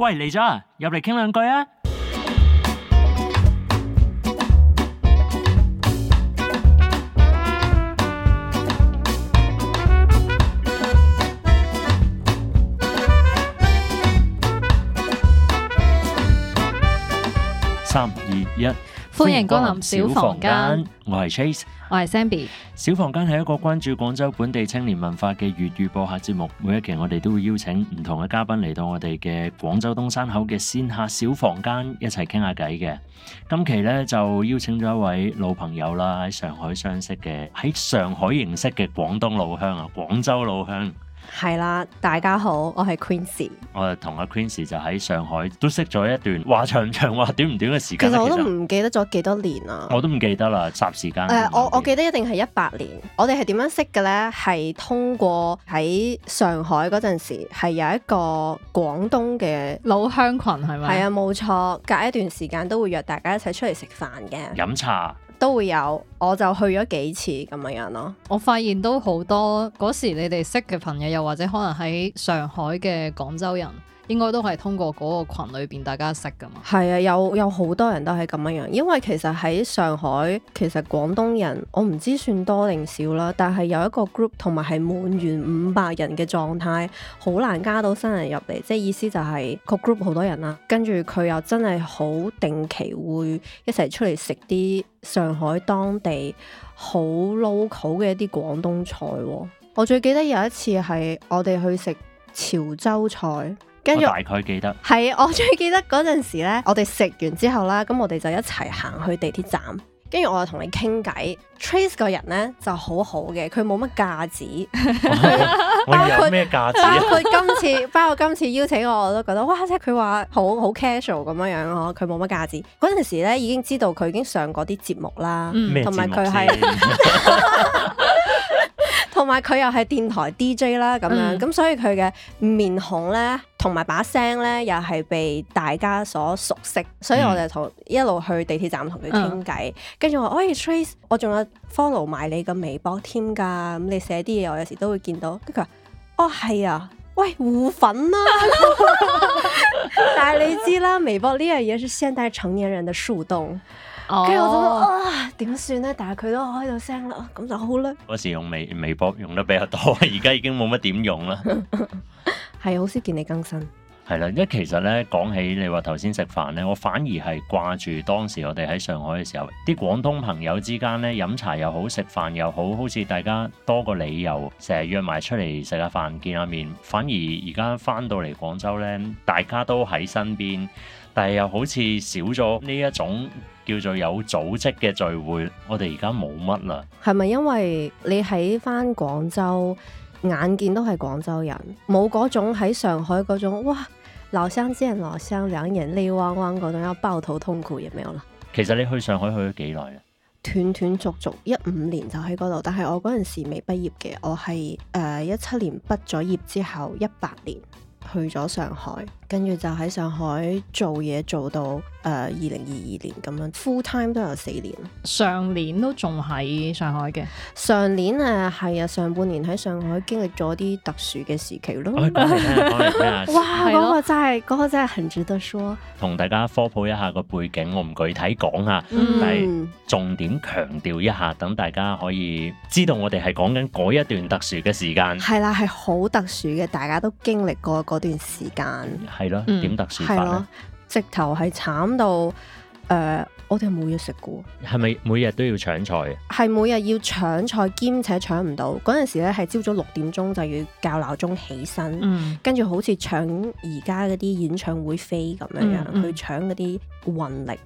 喂，嚟咗啊，入嚟傾兩句啊。三、二、一。歡迎光臨小房間，我係 Trace，我係 Zenbi。小房間係一個關注廣州本地青年文化嘅粵語播客節目。每一期我哋都會邀請唔同嘅嘉賓嚟到我哋嘅廣州東山口嘅線下小房間一齊傾下偈嘅。今期咧，就邀請咗一位老朋友啦，喺上海相識嘅，喺上海認識嘅廣東老鄉啊，廣州老鄉。係啦，大家好，我係 Quincy。我同阿、啊、Quincy 就喺上海都識咗一段話長唔長，話短唔短嘅時間。其實我都唔記得咗幾多年啦、欸。我都唔記得啦，霎時間。誒，我我記得一定係一百年。我哋係點樣識嘅呢？係通過喺上海嗰陣時，係有一個廣東嘅老鄉群，係咪？係啊，冇錯。隔一段時間都會約大家一齊出嚟食飯嘅，飲茶。都會有，我就去咗幾次咁樣樣咯。我發現都好多嗰時你哋識嘅朋友，又或者可能喺上海嘅廣州人。應該都係通過嗰個羣裏邊，大家識㗎嘛？係啊，有有好多人都係咁樣。因為其實喺上海，其實廣東人我唔知算多定少啦。但係有一個 group 同埋係滿員五百人嘅狀態，好難加到新人入嚟。即係意思就係個 group 好多人啦，跟住佢又真係好定期會一齊出嚟食啲上海當地好 local 嘅一啲廣東菜。我最記得有一次係我哋去食潮州菜。跟住大概記得係，我最記得嗰陣時咧，我哋食完之後啦，咁我哋就一齊行去地鐵站，就跟住我又同你傾偈。Trace 個人咧就好好嘅，佢冇乜架子。包括咩架子？包括今次包括今次邀請我，我都覺得哇！即係佢話好好 casual 咁樣樣嗬，佢冇乜架子。嗰陣時咧已經知道佢已經上過啲節目啦，同埋佢係。 同埋佢又係電台 DJ 啦，咁樣咁、嗯、所以佢嘅面孔咧，同埋把聲咧，又係被大家所熟悉，所以我就同一路去地鐵站同佢傾偈，跟住、嗯、話喂 Trace，我仲有 follow 埋你個微博添噶，咁你寫啲嘢我有時都會見到，跟住佢，哦、oh，係啊，喂互粉啦，但係你知啦，微博呢樣嘢係現代成年人嘅樹洞。跟住我諗、oh. 啊點算呢？但係佢都開到聲啦，咁就好啦。嗰時用微微博用得比較多，而家已經冇乜點用啦。係 好少見你更新。係啦，因為其實呢，講起你話頭先食飯呢，我反而係掛住當時我哋喺上海嘅時候，啲廣東朋友之間呢，飲茶又好，食飯又好，好似大家多個理由，成日約埋出嚟食下飯、見下面。反而而家翻到嚟廣州呢，大家都喺身邊。但係又好似少咗呢一種叫做有組織嘅聚會，我哋而家冇乜啦。係咪因為你喺返廣州，眼見都係廣州人，冇嗰種喺上海嗰種哇，老鄉見老鄉，兩眼淚汪汪嗰種有爆肚痛苦嘅樣啦。其實你去上海去咗幾耐呀？斷斷續續一五年就喺嗰度，但係我嗰陣時未畢業嘅，我係誒一七年畢咗業之後一八年。去咗上海，跟住就喺上海做嘢做到誒二零二二年咁樣 full time 都有四年。上年都仲喺上海嘅。上年啊，係啊，上半年喺上海經歷咗啲特殊嘅時期咯。 哇，嗰、嗰個真係嗰的個真係、嗰個、很值得説。同大家科普一下個背景，我唔具體講啊，但係重點強調一下，等大家可以知道我哋係講緊嗰一段特殊嘅時間。係啦，係好、啊、特殊嘅，大家都經歷過個段時間係咯，點特殊法咧？直頭係慘到誒、呃，我哋冇嘢食嘅喎。係咪每日都要搶菜？係每日要搶菜，兼且搶唔到嗰陣時咧，係朝早六點鐘就要校鬧鐘起身，嗯、跟住好似搶而家嗰啲演唱會飛咁樣樣、嗯嗯、去搶嗰啲運力。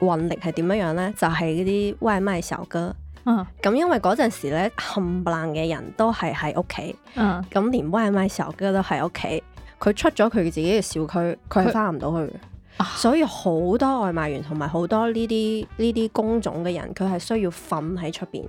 運力係點樣樣咧？就係嗰啲外賣小哥。嗯、啊，咁因為嗰陣時咧冚唪唥嘅人都係喺屋企。嗯、啊，咁連外賣小哥都喺屋企。佢出咗佢自己嘅小區，佢係翻唔到去嘅，所以好多外賣員同埋好多呢啲呢啲工種嘅人，佢係需要瞓喺出邊。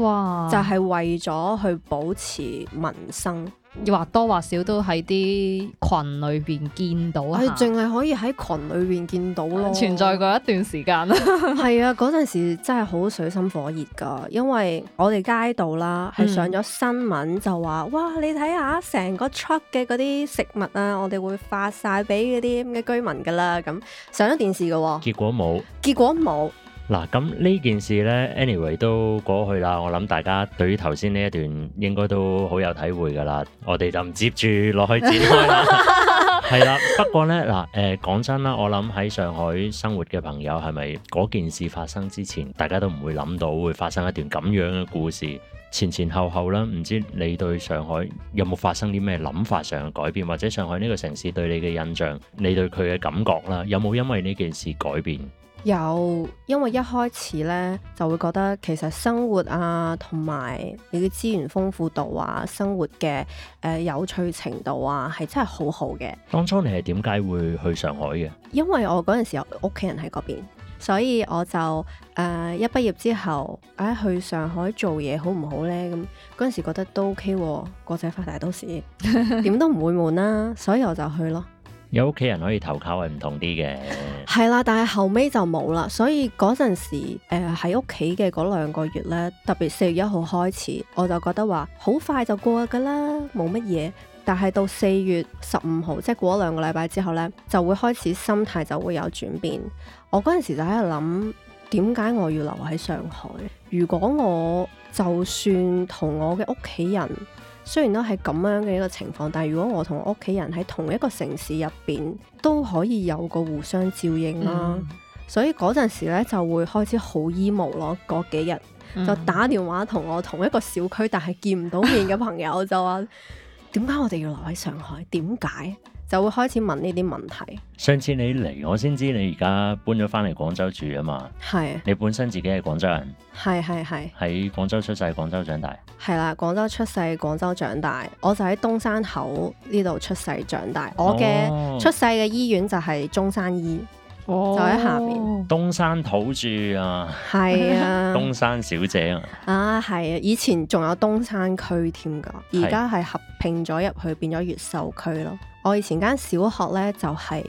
哇！就係為咗去保持民生，或多或少都喺啲群裏邊見到。係，淨係可以喺群裏邊見到咯，啊。存在過一段時間啦。係 啊，嗰陣時真係好水深火熱噶，因為我哋街道啦係上咗新聞就，就話、嗯、哇，你睇下成個 truck 嘅嗰啲食物啊，我哋會發晒俾嗰啲咁嘅居民噶啦。咁上咗電視嘅喎。結果冇。結果冇。結果嗱，咁呢件事呢 anyway 都過去啦。我諗大家對於頭先呢一段應該都好有體會噶啦。我哋就唔接住落去展開啦。係啦， 不過呢，嗱、呃，誒，講真啦，我諗喺上海生活嘅朋友係咪嗰件事發生之前，大家都唔會諗到會發生一段咁樣嘅故事。前前後後啦，唔知你對上海有冇發生啲咩諗法上嘅改變，或者上海呢個城市對你嘅印象，你對佢嘅感覺啦，有冇因為呢件事改變？有，因為一開始呢就會覺得其實生活啊，同埋你啲資源豐富度啊，生活嘅誒、呃、有趣程度啊，係真係好好嘅。當初你係點解會去上海嘅？因為我嗰陣時屋企人喺嗰邊，所以我就誒、呃、一畢業之後，誒、哎、去上海做嘢好唔好呢？咁嗰陣時覺得都 OK，啊、國際化大都市，點都唔會悶啦、啊，所以我就去咯。有屋企人可以投靠，係唔同啲嘅。係啦，但係後尾就冇啦，所以嗰陣時誒喺屋企嘅嗰兩個月呢，特別四月一號開始，我就覺得話好快就過噶啦，冇乜嘢。但係到四月十五號，即係過咗兩個禮拜之後呢，就會開始心態就會有轉變。我嗰陣時就喺度諗，點解我要留喺上海？如果我就算同我嘅屋企人。雖然都係咁樣嘅一個情況，但係如果我同屋企人喺同一個城市入邊都可以有個互相照應啦、啊，嗯、所以嗰陣時咧就會開始好依姆 emo 咯。嗰幾日就打電話同我同一個小區但係見唔到面嘅朋友就話：點解 我哋要留喺上海？點解？就會開始問呢啲問題。上次你嚟，我先知你而家搬咗翻嚟廣州住啊嘛。係、啊。你本身自己係廣州人。係係係。喺廣州出世，廣州長大。係啦、啊，廣州出世，廣州長大。我就喺東山口呢度出世長大。我嘅出世嘅醫院就係中山醫。哦。哦、就喺下面，東山土著啊，係啊， 東山小姐啊，啊係啊，以前仲有東山區添㗎，而家係合併咗入去變咗越秀區咯。我以前間小學咧就係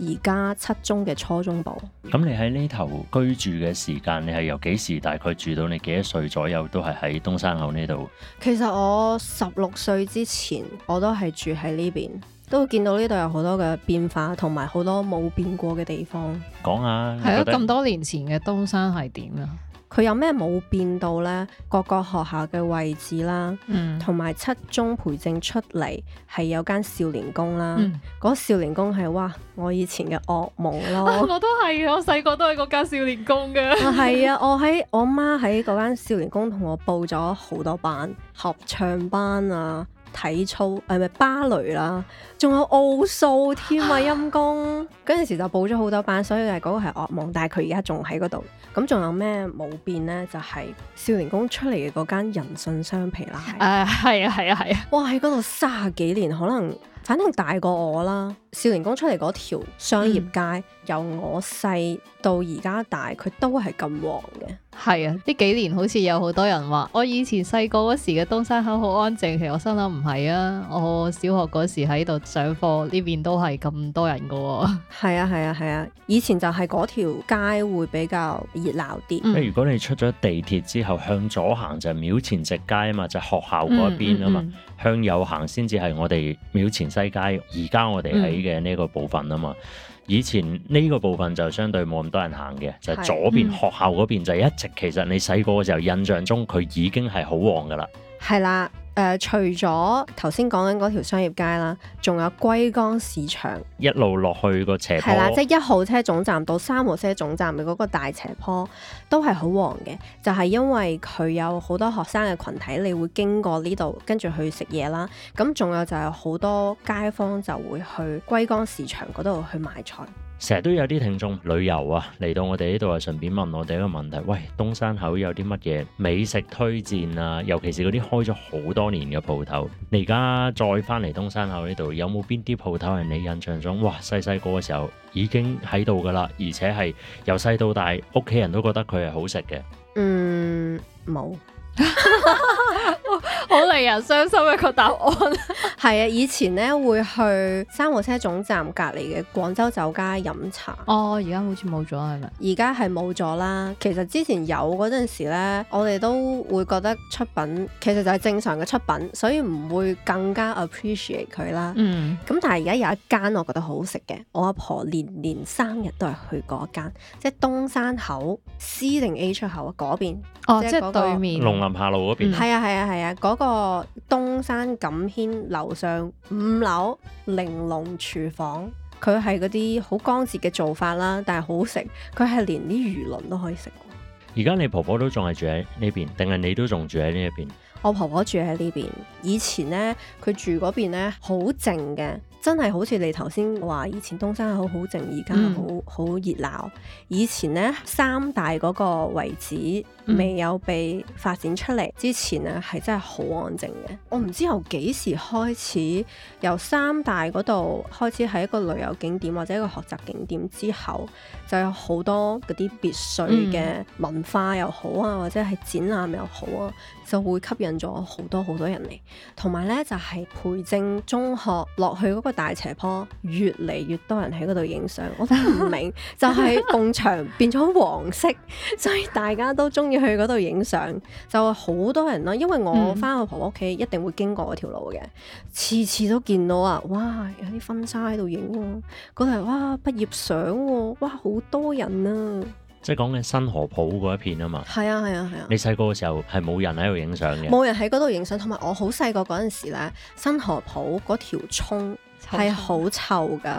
而家七中嘅初中部。咁你喺呢頭居住嘅時間，你係由幾時大概住到你幾多歲左右都係喺東山口呢度？其實我十六歲之前我都係住喺呢邊。都會見到呢度有好多嘅變化，同埋好多冇變過嘅地方。講下係咯，咁、啊、對多年前嘅東山係點啊？佢有咩冇變到呢？各個學校嘅位置啦，同埋、嗯、七中培正出嚟係有間少年宮啦。嗰、嗯、少年宮係哇，我以前嘅惡夢咯。我都係，我細個都係嗰間少年宮嘅。係 啊，啊，我喺我媽喺嗰間少年宮同我報咗好多班合唱班啊。體操，係咪芭蕾啦，仲有奧數添啊！陰公嗰陣時就報咗好多班，所以係嗰個係噩夢，但係佢而家仲喺嗰度。咁仲有咩冇變呢？就係、是、少年宮出嚟嘅嗰間人信雙皮奶。誒係啊係啊係啊！哇喺嗰度三十幾年，可能反正大過我啦。少年宮出嚟嗰條商業街。嗯由我細到而家大，佢都係咁旺嘅。係啊，呢幾年好似有好多人話，我以前細個嗰時嘅東山口好安靜。其實我心諗唔係啊，我小學嗰時喺度上課，呢邊都係咁多人噶，哦。係啊係啊係啊，以前就係嗰條街會比較熱鬧啲。嗯、如果你出咗地鐵之後向左行就廟前直街啊嘛，就是、學校嗰邊啊嘛。嗯嗯嗯、向右行先至係我哋廟前西街，而家我哋喺嘅呢個部分啊嘛。嗯以前呢個部分就相對冇咁多人行嘅，就係、左邊、嗯、學校嗰邊就一直，其實你細個嘅時候，印象中佢已經係好旺噶啦。係啦。誒、呃，除咗頭先講緊嗰條商業街啦，仲有龜崗市場，一路落去個斜坡，係啦，即係一號車總站到三號車總站嘅嗰個大斜坡都係好旺嘅，就係、是、因為佢有好多學生嘅群體，你會經過呢度，跟住去食嘢啦。咁仲有就係好多街坊就會去龜崗市場嗰度去買菜。成日都有啲聽眾旅遊啊，嚟到我哋呢度啊，順便問我哋一個問題：「喂，東山口有啲乜嘢美食推薦啊？尤其是嗰啲開咗好多年嘅鋪頭。你而家再翻嚟東山口呢度，有冇邊啲鋪頭係你印象中，哇，細細個嘅時候已經喺度㗎喇，而且係由細到大，屋企人都覺得佢係好食嘅。嗯，冇。 好令 人傷心一個答案。係 啊，以前咧會去三號車總站隔籬嘅廣州酒家飲茶。哦，而家好似冇咗係咪？而家係冇咗啦。其實之前有嗰陣時咧，我哋都會覺得出品其實就係正常嘅出品，所以唔會更加 appreciate 佢啦。嗯。咁但係而家有一間我覺得好食嘅，我阿婆年年生日都係去嗰間，即係東山口 C 定 A 出口嗰邊。邊哦，即係、那個、對面農林下路嗰邊。係、嗯、啊，係啊，係啊。嗰個東山錦軒樓上五樓玲瓏廚房，佢係嗰啲好光淨嘅做法啦，但係好食。佢係連啲魚鱗都可以食。而家你婆婆都仲係住喺呢邊，定係你都仲住喺呢一邊？我婆婆住喺呢邊。以前呢，佢住嗰邊呢，好靜嘅。真係好似你頭先話，以前東山好好靜，而家好好熱鬧。以前呢，三大嗰個位置未有被發展出嚟之前呢，係真係好安靜嘅。我唔知由幾時開始，由三大嗰度開始係一個旅遊景點或者一個學習景點之後，就有好多嗰啲別墅嘅文化又好啊，或者係展覽又好啊。就會吸引咗好多好多人嚟，同埋呢就係培正中學落去嗰個大斜坡，越嚟越多人喺嗰度影相，我都唔明， 就係幕牆變咗黃色，所以大家都中意去嗰度影相，就好多人咯。因為我翻我婆婆屋企，一定會經過嗰條路嘅，次次都見到啊，啊，哇，有啲婚紗喺度影，嗰度哇畢業相，哇好多人啊！即係講緊新河浦嗰一片啊嘛，係啊係啊係啊！啊啊你細個嘅時候係冇人喺度影相嘅，冇人喺嗰度影相，同埋我好細個嗰陣時咧，新河浦嗰條涌係好臭㗎。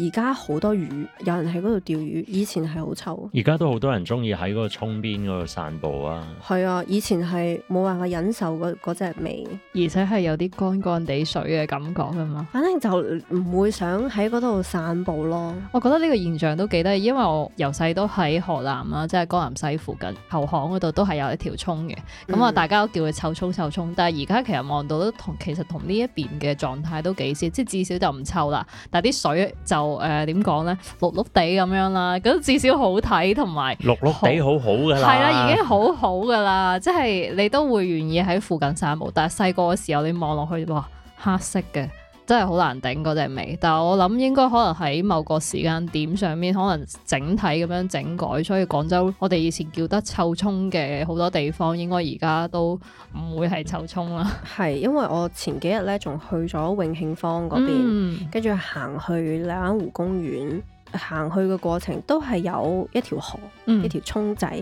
而家好多魚，有人喺嗰度釣魚。以前係好臭，而家都好多人中意喺嗰個湧邊嗰度散步啊。係啊，以前係冇辦法忍受嗰嗰隻味，而且係有啲乾乾地水嘅感覺㗎嘛。反正就唔會想喺嗰度散步咯。我覺得呢個現象都幾得意，因為我由細都喺河南啦，即係江南西附近後巷嗰度都係有一條湧嘅。咁啊、嗯，大家都叫佢臭湧臭湧。但係而家其實望到都同，其實同呢一邊嘅狀態都幾似，即係至少就唔臭啦。但係啲水就～誒，點講咧？綠綠地咁樣啦，咁至少好睇，同埋綠綠地好好噶啦，係啦，已經好好噶啦， 即係你都會願意喺附近散步。但係細個嘅時候，你望落去，哇，黑色嘅。真係好難頂嗰隻味，但係我諗應該可能喺某個時間點上面，可能整體咁樣整改，所以廣州我哋以前叫得臭涌嘅好多地方，應該而家都唔會係臭涌啦。係、嗯、因為我前幾日咧仲去咗永慶坊嗰邊，跟住、嗯、行去荔灣湖公園，行去嘅過程都係有一條河、嗯、一條涌仔，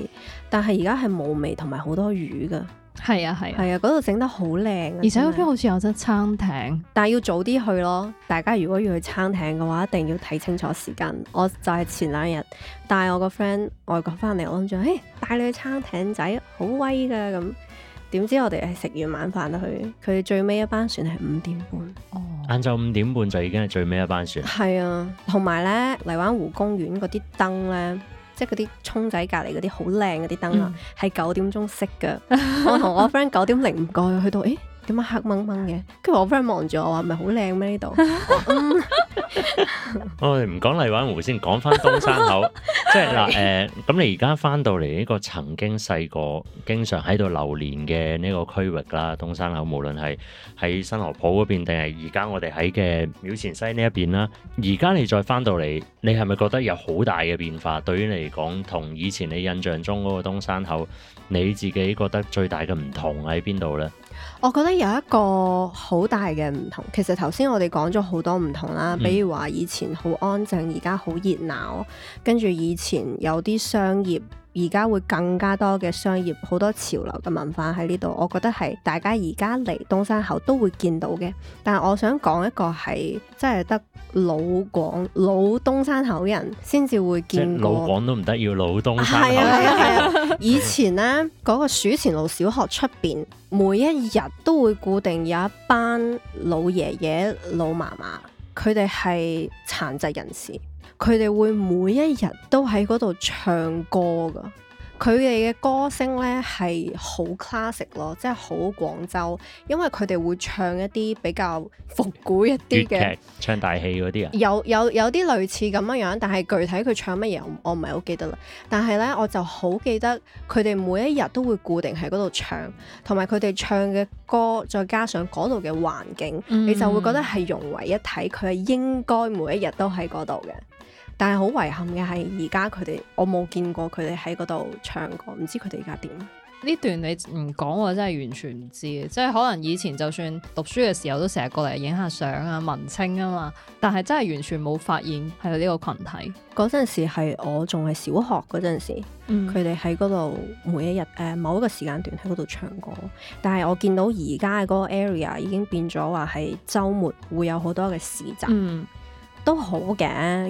但係而家係冇味同埋好多魚噶。係啊係，啊係啊！嗰度整得好靚啊，而且嗰邊好似有間餐廳，但係要早啲去咯。大家如果要去餐廳嘅話，一定要睇清楚時間。我就係前兩日帶我個 friend 外國翻嚟，我諗住誒帶你去餐廳仔，好威噶咁。點知我哋係食完晚飯去，佢最尾一班船係五點半。哦，晏晝五點半就已經係最尾一班船。係啊，同埋呢，荔灣湖公園嗰啲燈呢。即係嗰啲湧仔隔離嗰啲好靚嗰啲燈啊，係九、嗯、點鐘熄㗎。 我同我 friend 九點零唔該去到，誒。 點解黑蒙蒙嘅？跟住我 friend 望住我話：唔係好靚咩？呢度。我哋唔講荔灣湖先，講翻東山口。 即係嗱，誒、呃，咁、嗯嗯嗯嗯嗯、你而家翻到嚟呢個曾經細個經常喺度流連嘅呢個區域啦，東山口，無論係喺新河浦嗰邊定係而家我哋喺嘅廟前西呢一邊啦，而家你再翻到嚟，你係咪覺得有好大嘅變化？對於你嚟講，同以前你印象中嗰個東山口，你自己覺得最大嘅唔同喺邊度呢？我覺得有一個好大嘅唔同，其實頭先我哋講咗好多唔同啦，嗯、比如話以前好安靜，而家好熱鬧，跟住以前有啲商業，而家會更加多嘅商業，好多潮流嘅文化喺呢度，我覺得係大家而家嚟東山口都會見到嘅。但係我想講一個係，真係得老廣、老東山口人先至會見。即係老廣都唔得，要老東山口人。係啊係啊！啊啊啊啊 以前呢，嗰、嗰個署前路小學出邊，每一日都會固定有一班老爺爺、老嫲嫲，佢哋係殘疾人士。佢哋會每一日都喺嗰度唱歌㗎，佢哋嘅歌聲呢係好 classic 咯，即係好廣州。因為佢哋會唱一啲比較復古一啲嘅，唱大戲嗰啲啊，有有有啲類似咁樣樣，但係具體佢唱乜嘢，我唔係好記得啦。但係呢，我就好記得佢哋每一日都會固定喺嗰度唱，同埋佢哋唱嘅歌，再加上嗰度嘅環境，嗯、你就會覺得係融為一體。佢係應該每一日都喺嗰度嘅。但係好遺憾嘅係，而家佢哋我冇見過佢哋喺嗰度唱歌，唔知佢哋而家點。呢段你唔講我真係完全唔知，即係可能以前就算讀書嘅時候都成日過嚟影下相啊、文青啊嘛，但係真係完全冇發現係呢個群體。嗰陣時係我仲係小學嗰陣時，佢哋喺嗰度每一日誒、呃、某一個時間段喺嗰度唱歌，但係我見到而家嗰個 area 已經變咗話係周末會有好多嘅市集。嗯都好嘅，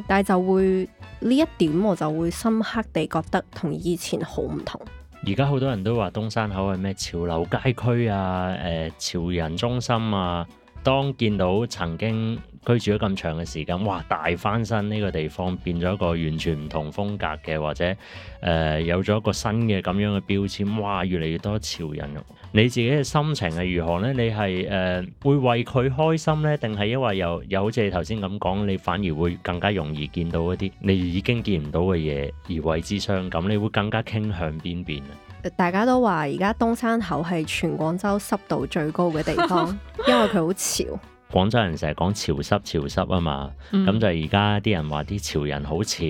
但係就會呢一點我就會深刻地覺得同以前好唔同。而家好多人都話東山口係咩潮流街區啊，誒、呃、潮人中心啊。當見到曾經居住咗咁長嘅時間，哇！大翻身呢個地方變咗一個完全唔同風格嘅，或者誒、呃、有咗一個新嘅咁樣嘅標籤，哇！越嚟越多潮人，你自己嘅心情係如何呢？你係誒、呃、會為佢開心呢？定係因為又又好似你頭先咁講，你反而會更加容易見到一啲你已經見唔到嘅嘢而為之傷感？你會更加傾向邊邊？大家都話而家東山口係全廣州濕度最高嘅地方， 因為佢好潮。廣州人成日講潮濕潮濕啊嘛，咁就而家啲人話啲潮人好潮，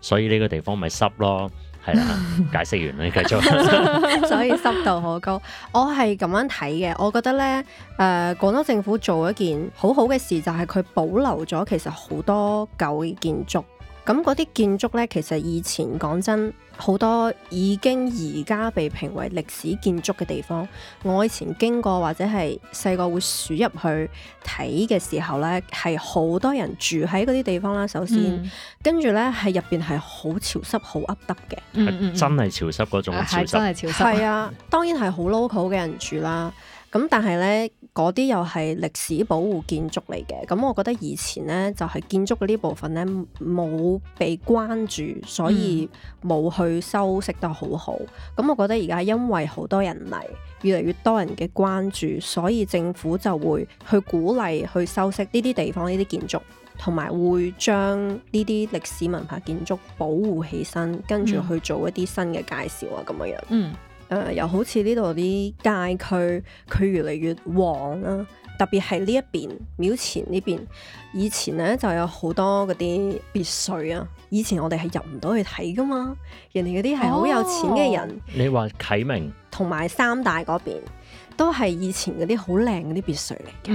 所以呢個地方咪濕咯。係啦、啊，解釋完啦，繼 繼續。 所以濕度好高，我係咁樣睇嘅。我覺得呢，誒、呃，廣州政府做一件好好嘅事，就係、是、佢保留咗其實好多舊嘅建築。咁嗰啲建築呢，其實以前講真，好多已經而家被評為歷史建築嘅地方，我以前經過或者係細個會鼠入去睇嘅時候呢，係好多人住喺嗰啲地方啦。首先，跟住、嗯、呢，係入邊係好潮濕、好噏噏嘅，真係潮濕嗰種潮濕，係啊，當然係好 local 嘅人住啦。咁但係呢。嗰啲又係歷史保護建築嚟嘅，咁我覺得以前呢，就係建築嘅呢部分呢，冇被關注，所以冇去修飾得好好。咁我覺得而家因為好多人嚟，越嚟越多人嘅關注，所以政府就會去鼓勵去修飾呢啲地方、呢啲建築，同埋會將呢啲歷史文化建築保護起身，跟住去做一啲新嘅介紹啊咁樣樣。嗯。誒、呃、又好似呢度啲街區，佢越嚟越旺啊。特別係呢一邊廟前呢邊，以前呢就有好多嗰啲別墅啊。以前我哋係入唔到去睇噶嘛，人哋嗰啲係好有錢嘅人。哦、你話啟明同埋三大嗰邊？都係以前嗰啲好靚嗰啲別墅嚟嘅，咁、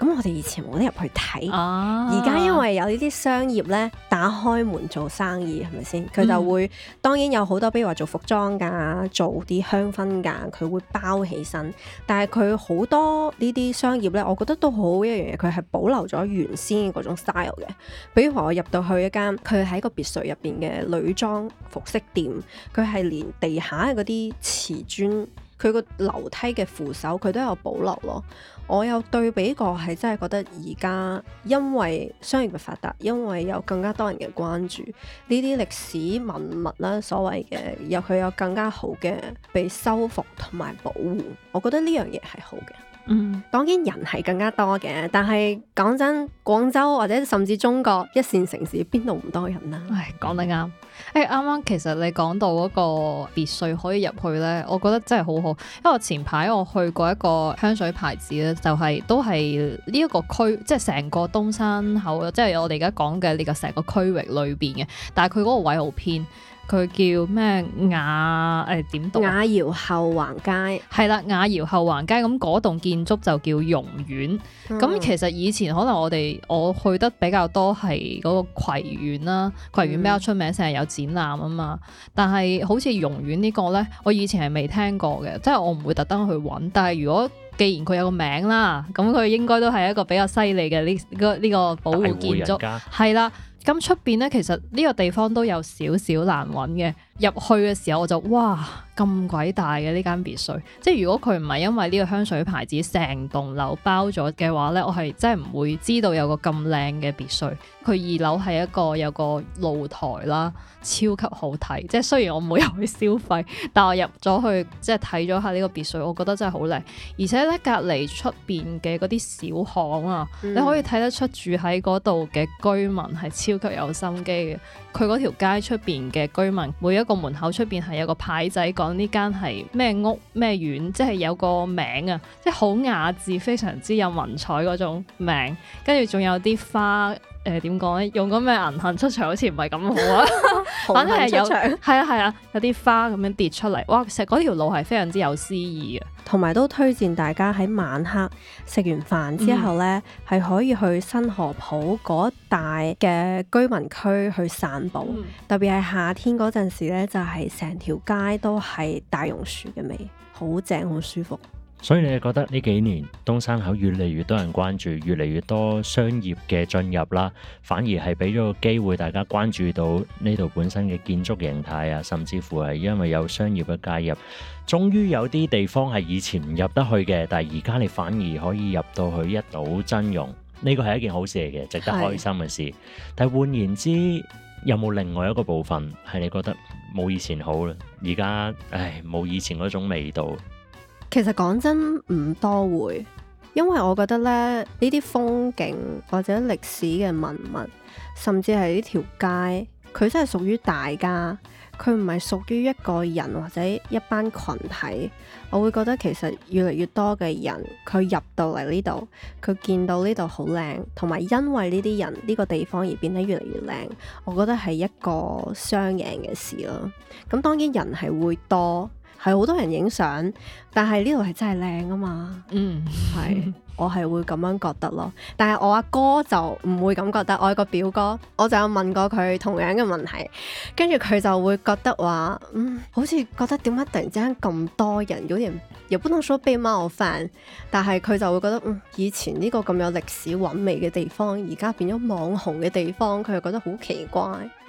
嗯、我哋以前冇得入去睇，而家、啊、因為有呢啲商業呢，打開門做生意，係咪先？佢就會，嗯、當然有好多，比如話做服裝噶，做啲香薰噶，佢會包起身。但係佢好多呢啲商業呢，我覺得都好一樣嘢，佢係保留咗原先嗰種 style 嘅。比如話我入到去一間，佢喺個別墅入邊嘅女裝服飾店，佢係連地下嗰啲瓷磚。佢個樓梯嘅扶手佢都有保留咯，我有對比過，係真係覺得而家因為商業嘅發達，因為有更加多人嘅關注，呢啲歷史文物啦，所謂嘅，有佢有更加好嘅被修復同埋保護，我覺得呢樣嘢係好嘅。嗯，講起人係更加多嘅，但係講真，廣州或者甚至中國一線城市邊度唔多人呀？唉，講得啱。誒、欸，啱啱其實你講到嗰個別墅可以入去咧，我覺得真係好好，因為我前排我去過一個香水牌子咧，就係都係呢一個區，即係成個東山口，即係我哋而家講嘅呢個成個區域裏邊嘅，但係佢嗰個位好偏。佢叫咩？雅，誒，點讀？雅瑤後橫街係啦，雅瑤後橫街。咁嗰棟建築就叫榕園。咁、嗯、其實以前可能我哋我去得比較多係嗰個葵園啦，葵園比較出名，成日有展覽啊嘛。但係好似榕園呢個咧，我以前係未聽過嘅，即係我唔會特登去揾。但係如果既然佢有個名啦，咁佢應該都係一個比較犀利嘅呢個呢個保護建築係啦。咁出邊咧，其實呢個地方都有少少難揾嘅。入去嘅時候我就，哇，咁鬼大嘅呢間別墅。即係如果佢唔係因為呢個香水牌子成棟樓包咗嘅話呢，我係真係唔會知道有個咁靚嘅別墅。佢二樓係一個有個露台啦，超級好睇。即係雖然我冇入去消費，但我入咗去即係睇咗下呢個別墅，我覺得真係好靚。而且呢，隔離出邊嘅嗰啲小巷啊，嗯、你可以睇得出住喺嗰度嘅居民係超級有心機嘅。佢嗰條街出邊嘅居民，每一個門口出邊係有個牌仔講呢間係咩屋咩院，即係有個名啊，即係好雅致，非常之有文采嗰種名，跟住仲有啲花。誒點講咧？用嗰咩銀杏出場好似唔係咁好啊，反正係有係啊係啊，有啲花咁樣跌出嚟，哇！其實嗰條路係非常之有詩意啊，同埋都推薦大家喺晚黑食完飯之後呢，係、嗯、可以去新河浦嗰帶嘅居民區去散步，嗯、特別係夏天嗰陣時呢，就係、是、成條街都係大榕樹嘅味，好正好舒服。所以你係覺得呢幾年東山口越嚟越多人關注，越嚟越多商業嘅進入啦，反而係俾咗個機會大家關注到呢度本身嘅建築形態啊，甚至乎係因為有商業嘅介入，終於有啲地方係以前唔入得去嘅，但係而家你反而可以入到去一睹真容，呢個係一件好事嚟嘅，值得開心嘅事。是但係換言之，有冇另外一個部分係你覺得冇以前好啦？而家唉，冇以前嗰種味道。其實講真唔多會，因為我覺得咧呢啲風景或者歷史嘅文物，甚至係呢條街，佢真係屬於大家，佢唔係屬於一個人或者一班群、群體。我會覺得其實越嚟越多嘅人佢入到嚟呢度，佢見到呢度好靚，同埋因為呢啲人呢、這個地方而變得越嚟越靚。我覺得係一個雙贏嘅事咯。咁當然人係會多。係好多人影相，但係呢度係真係靚啊嘛，嗯是，係。 我係會咁樣覺得咯，但係我阿哥，哥就唔會咁覺得。我有個表哥我就有問過佢同樣嘅問題，跟住佢就會覺得話：嗯，好似覺得點解突然之間咁多人，有啲人又不能說背貓飯，但係佢就會覺得嗯，以前呢個咁有歷史韻味嘅地方，而家變咗網紅嘅地方，佢又覺得好奇怪。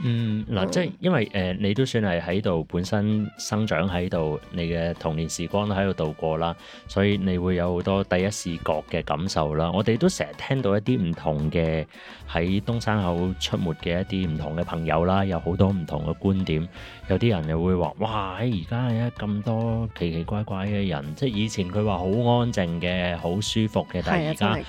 嗯，嗱、嗯，即係因為誒、呃，你都算係喺度本身生長喺度，你嘅童年時光都喺度度過啦，所以你會有好多第一視覺嘅。嘅感受啦，我哋都成日聽到一啲唔同嘅喺東山口出沒嘅一啲唔同嘅朋友啦，有好多唔同嘅觀點，有啲人又會話：哇！喺而家咁多奇奇怪怪嘅人，即係以前佢話好安靜嘅、好舒服嘅，但係而家，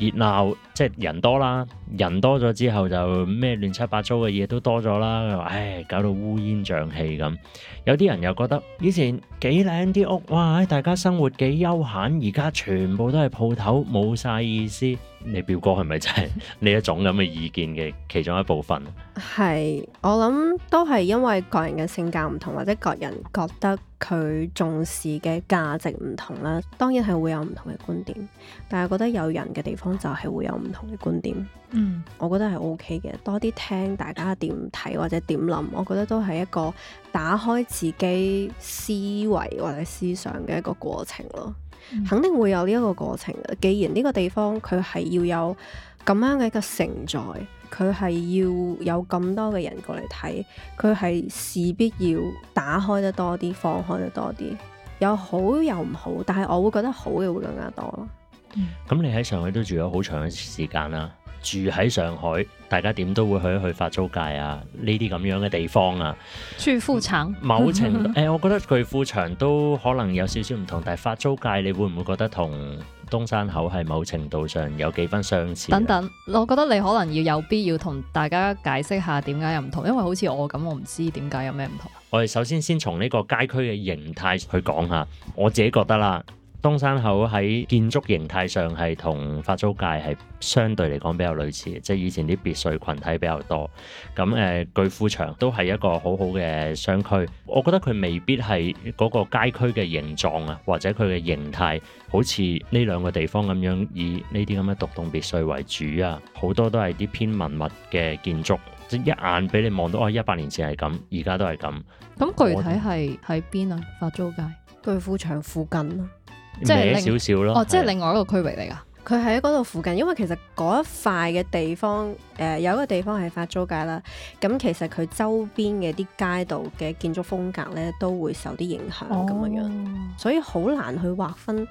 熱鬧即係人多啦，人多咗之後就咩亂七八糟嘅嘢都多咗啦，佢話，唉，搞到烏煙瘴氣咁。有啲人又覺得以前幾靚啲屋，哇！大家生活幾悠閒，而家全部都係鋪頭，冇晒意思。你表哥係咪真係呢一種咁嘅意見嘅其中一部分？係， 我諗都係因為個人嘅性格唔同，或者個人覺得。佢重視嘅價值唔同啦，當然係會有唔同嘅觀點。但係覺得有人嘅地方就係會有唔同嘅觀點。嗯，我覺得係 OK 嘅，多啲聽大家點睇或者點諗，我覺得都係一個打開自己思維或者思想嘅一個過程咯。嗯、肯定會有呢一個過程嘅，既然呢個地方佢係要有咁樣嘅一個承載。佢係要有咁多嘅人過嚟睇，佢係事必要打開得多啲，放開得多啲，有好有唔好，但係我會覺得好嘅會更加多咯。咁、嗯、你喺上海都住咗好長嘅時間啦，啊，住喺上海，大家點都會去一去法租界啊呢啲咁樣嘅地方啊。住富城 某程誒、哎，我覺得佢富城都可能有少少唔同， 但係法租界你會唔會覺得同？東山口係某程度上有幾分相似。等等，我覺得你可能要有必要同大家解釋下點解又唔同，因為好似我咁，我唔知點解有咩唔同。我哋首先先從呢個街區嘅形態去講下，我自己覺得啦。東山口喺建築形態上係同法租界係相對嚟講比較類似，即係以前啲別墅群體比較多。咁誒、呃，巨富長都係一個好好嘅商區，我覺得佢未必係嗰個街區嘅形狀啊，或者佢嘅形態好似呢兩個地方咁樣，以呢啲咁嘅獨棟別墅為主啊。好多都係啲偏文物嘅建築，即一眼俾你望到哦，一、哎、百年前係咁，而家都係咁。咁具體係喺邊啊？法租界巨富長附近啦。即係另外一個區域嚟噶。佢喺嗰度附近，因為其實嗰一塊嘅地方，誒、呃，有一個地方係法租界啦。咁、嗯、其實佢周邊嘅啲街道嘅建築風格咧，都會受啲影響咁嘅、哦、樣，所以好難去劃分。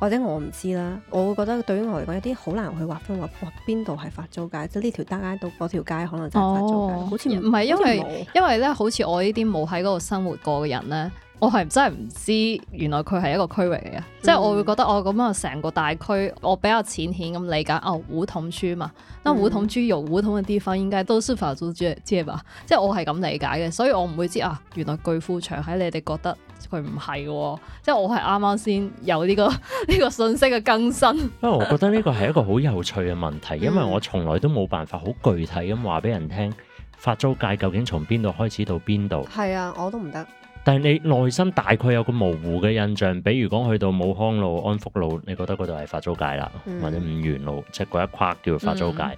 或者我唔知啦，我會覺得對於我嚟講，有啲好難去劃分，話話邊度係法租界，即係呢條單街到嗰條街可能就係法租界。好似唔係因為因為咧，好似我呢啲冇喺嗰度生活過嘅人咧。我係真係唔知，原來佢係一個區域嚟嘅，嗯、即係我會覺得我咁樣成個大區，我比較淺顯咁理解哦，胡同村嘛，咁胡同豬肉、胡同嘅啲粉應該都係法租界，即係我係咁理解嘅，所以我唔會知啊，原來巨富長喺你哋覺得佢唔係，即係我係啱啱先有呢、呢個呢、呢個信息嘅更新。不過我覺得呢個係一個好有趣嘅問題， 因為我從來都冇辦法好具體咁話俾人聽，法租界究竟從邊度開始到邊度？係啊，我都唔得。但係你內心大概有個模糊嘅印象，比如講去到武康路、安福路，你覺得嗰度係法租界啦，嗯、或者五原路，即係嗰一框叫法租界。嗯、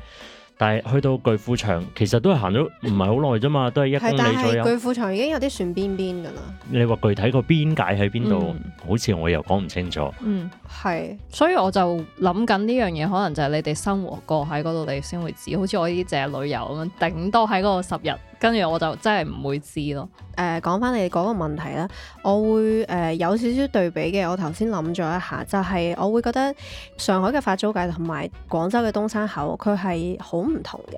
但係去到巨富長，其實都係行咗唔係好耐啫嘛，都係一公里左右。但係巨富長已經有啲船邊邊噶啦。你話具體個邊界喺邊度，嗯、好似我又講唔清楚。嗯，係，所以我就諗緊呢樣嘢，可能就係你哋生活過喺嗰度，你先會知。好似我呢啲淨旅遊咁樣，頂多喺嗰個十日。跟住我就真係唔會知咯。誒、呃，講翻你嗰個問題咧，我會誒、呃、有少少對比嘅。我頭先諗咗一下，就係、是、我會覺得上海嘅法租界同埋廣州嘅東山口，佢係好唔同嘅。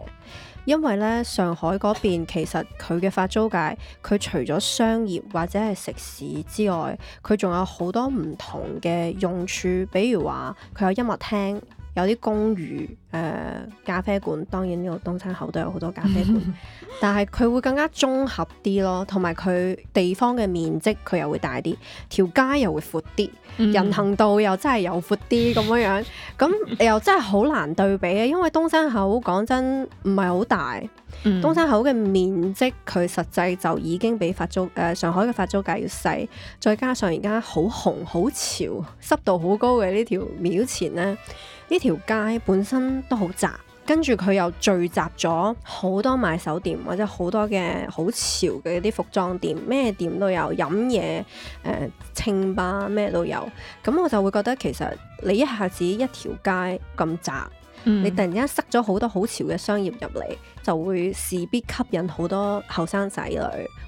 因為呢上海嗰邊其實佢嘅法租界，佢除咗商業或者係食肆之外，佢仲有好多唔同嘅用處，比如話佢有音樂廳，有啲公寓。誒、呃、咖啡館當然呢個東山口都有好多咖啡館， 但係佢會更加綜合啲咯，同埋佢地方嘅面積佢又會大啲，條街又會闊啲，嗯、人行道又真係又闊啲咁樣樣，咁又真係好難對比嘅，因為東山口講真唔係好大，嗯、東山口嘅面積佢實際就已經比法租誒、呃、上海嘅法租界要細，再加上而家好紅好潮濕度好高嘅呢條廟前呢，呢條街本身。都好雜，跟住佢又聚集咗好多買手店，或者好多嘅好潮嘅一啲服裝店，咩店都有，飲嘢誒清吧咩都有，咁我就會覺得其實你一下子一條街咁雜。嗯、你突然之間塞咗好多好潮嘅商業入嚟，就會事必吸引好多後生仔女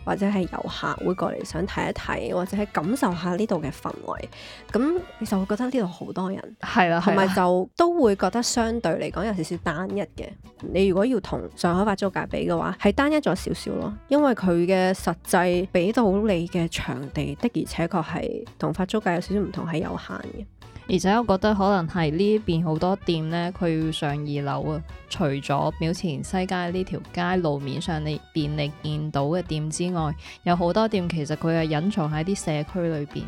或者係遊客會過嚟想睇一睇或者係感受下呢度嘅氛圍。咁你就會覺得呢度好多人，係啦的，同埋就的都會覺得相對嚟講有少少單一嘅。你如果要同上海法租界比嘅話，係單一咗少少咯，因為佢嘅實際俾到你嘅場地的而且確係同法租界有少少唔同係有限嘅。而且我覺得可能係呢邊好多店咧，佢要上二樓啊。除咗廟前西街呢條街路面上面你便利見到嘅店之外，有好多店其實佢係隱藏喺啲社區裏邊，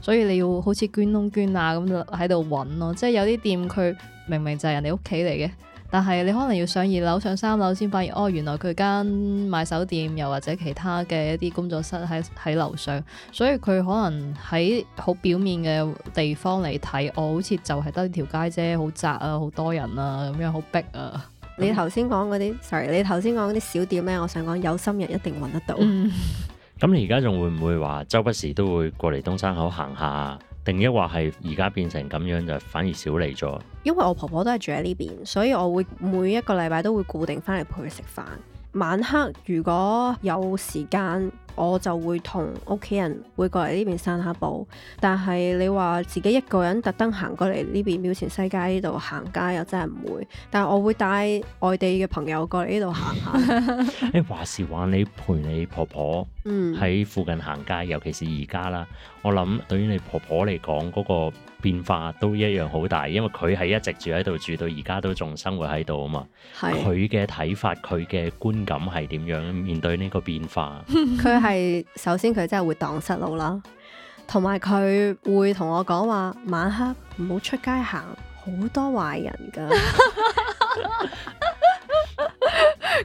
所以你要好似捐窿捐罅咁喺度揾咯。即係有啲店佢明明就係人哋屋企嚟嘅。但係你可能要上二樓、上三樓先發現，哦，原來佢間買手店，又或者其他嘅一啲工作室喺喺樓上，所以佢可能喺好表面嘅地方嚟睇，哦，好似就係得條街啫，好窄啊，好多人啊，咁樣好逼啊。嗯、你頭先講嗰啲，sorry，你頭先講嗰啲小店咧，我想講有心人一定揾得到。咁、嗯、你而家仲會唔會話周不時都會過嚟東山口行下？定抑或係而家變成咁樣，就反而少嚟咗。因為我婆婆都係住喺呢邊，所以我會每一個禮拜都會固定返嚟陪佢食飯。晚黑如果有時間，我就會同屋企人會過嚟呢邊散下步。但係你話自己一個人特登行過嚟呢邊廟前西街呢度行街又真係唔會。但係我會帶外地嘅朋友過嚟呢度行下。 你話時話你陪你婆婆喺附近行街，嗯、尤其是而家啦。我諗對於你婆婆嚟講嗰個，變化都一樣好大，因為佢係一直住喺度，住到而家都仲生活喺度啊嘛。佢嘅睇法，佢嘅觀感係點樣面對呢個變化？佢係 首先佢真係會蕩失路啦，同埋佢會同我講話晚黑唔好出街行，好多壞人噶。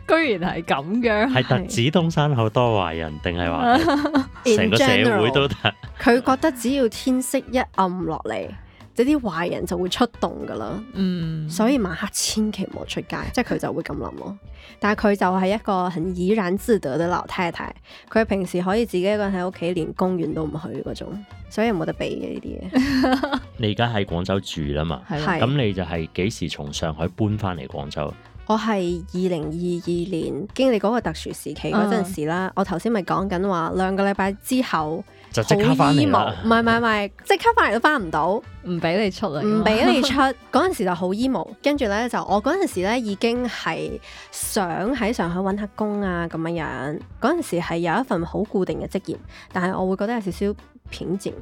居然係咁樣，係特指東山好多壞人，定係話成個社會都得？佢覺得只要天色一暗落嚟，即啲壞人就會出動噶啦。嗯，所以晚黑千祈唔好出街，即係佢就會咁諗咯。但係佢就係一個很怡然自得嘅老太太，佢平時可以自己一個人喺屋企，連公園都唔去嗰種，所以冇得比嘅呢啲嘢。你而家喺廣州住啦嘛，咁係。你就係幾時從上海搬翻嚟廣州？我係二零二二年經歷嗰個特殊時期嗰陣時啦，嗯、我頭先咪講緊話兩個禮拜之後就即刻翻嚟，唔係唔係唔係即刻翻嚟都翻唔到，唔俾 你出嚟，唔俾你出。嗰陣 時就好 emo，跟住咧就我嗰陣時咧已經係想喺上海揾下工啊咁樣樣。嗰陣時係有一份好固定嘅職業，但係我會覺得有少少偏漸。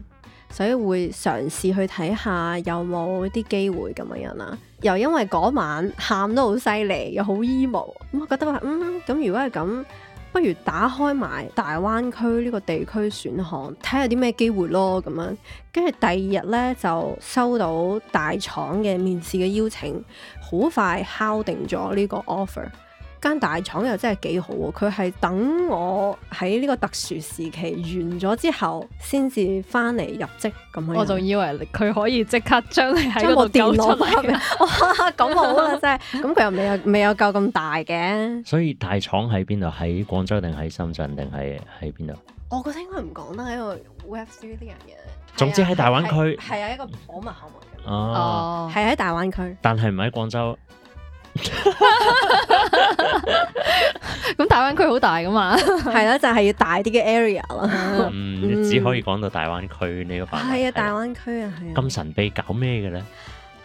所以會嘗試去睇下有冇啲機會咁樣啦、啊。又因為嗰晚喊得好犀利，又好 emo，咁我覺得話嗯咁如果係咁，不如打開埋大灣區呢個地區選項，睇下啲咩機會咯咁樣。跟住第二日呢，就收到大廠嘅面試嘅邀請，好快敲定咗呢個 offer。間大廠又真係幾好，佢係等我喺呢個特殊時期完咗之後，先至翻嚟入職咁、就是、我仲以為佢可以即刻將你喺度救落嚟。咁 好啊， 真係！咁佢又冇未有未有夠咁大嘅。所以大廠喺邊度？喺廣州定喺深圳定係喺邊度？我覺得應該唔講啦，因為 Web3 啲人嘅。總之喺大灣區。係啊，一個保密項目。哦，係喺、哦、大灣區，但係唔喺廣州。咁 大灣區好大噶嘛，係 啦，就係、是、要大啲嘅 area 啦。 嗯、只可以講到大灣區呢個版。係啊，大灣區啊，係。咁神秘搞咩嘅咧？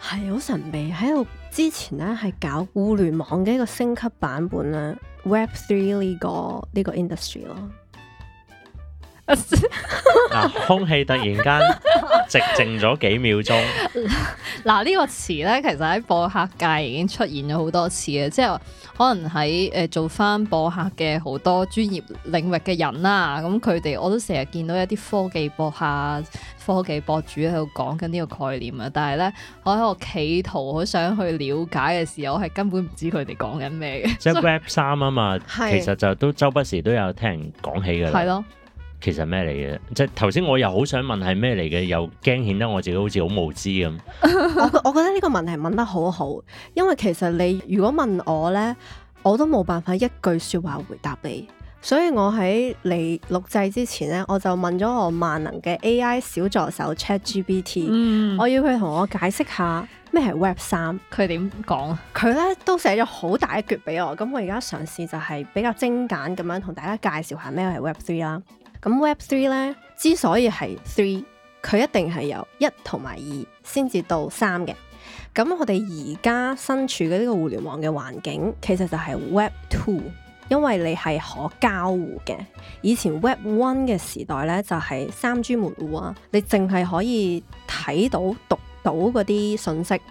係好神秘，喺度之前咧係搞互聯網嘅一個升級版本啊 Web Three 呢、呢個呢、呢個 industry 咯。 啊！空氣突然間寂靜咗幾秒鐘。嗱、啊，這個、呢個詞咧，其實喺播客界已經出現咗好多次嘅，即係可能喺誒、呃、做翻播客嘅好多專業領域嘅人啦、啊，咁佢哋我都成日見到一啲科技博客、科技博主喺度講緊呢個概念啊。但係咧，我喺度企圖好想去了解嘅時候，我係根本唔知佢哋講緊咩嘅。即係 Web3 啊嘛，以其實就都周不時都有聽人講起嘅。係咯。其實咩嚟嘅？即係頭先我又好想問係咩嚟嘅，又驚顯得我自己好似好無知咁。 我我覺得呢個問題問得好好，因為其實你如果問我呢，我都冇辦法一句説話回答你。所以我喺嚟錄製之前呢，我就問咗我萬能嘅 AI 小助手 ChatGPT，嗯、我要佢同我解釋下咩係 Web 三，佢點講？佢呢都寫咗好大一橛俾我。咁我而家嘗試就係比較精簡咁樣同大家介紹下咩係 Web three 啦。咁 Web three 咧，之所以係 three，佢一定係由一同埋二先至到三嘅。咁我哋而家身處嘅呢個互聯網嘅環境，其實就係 Web two，因為你係可交互嘅。以前 Web one 嘅時代咧，就係、是、三 G 門戶啊，你淨係可以睇到讀到嗰啲信息。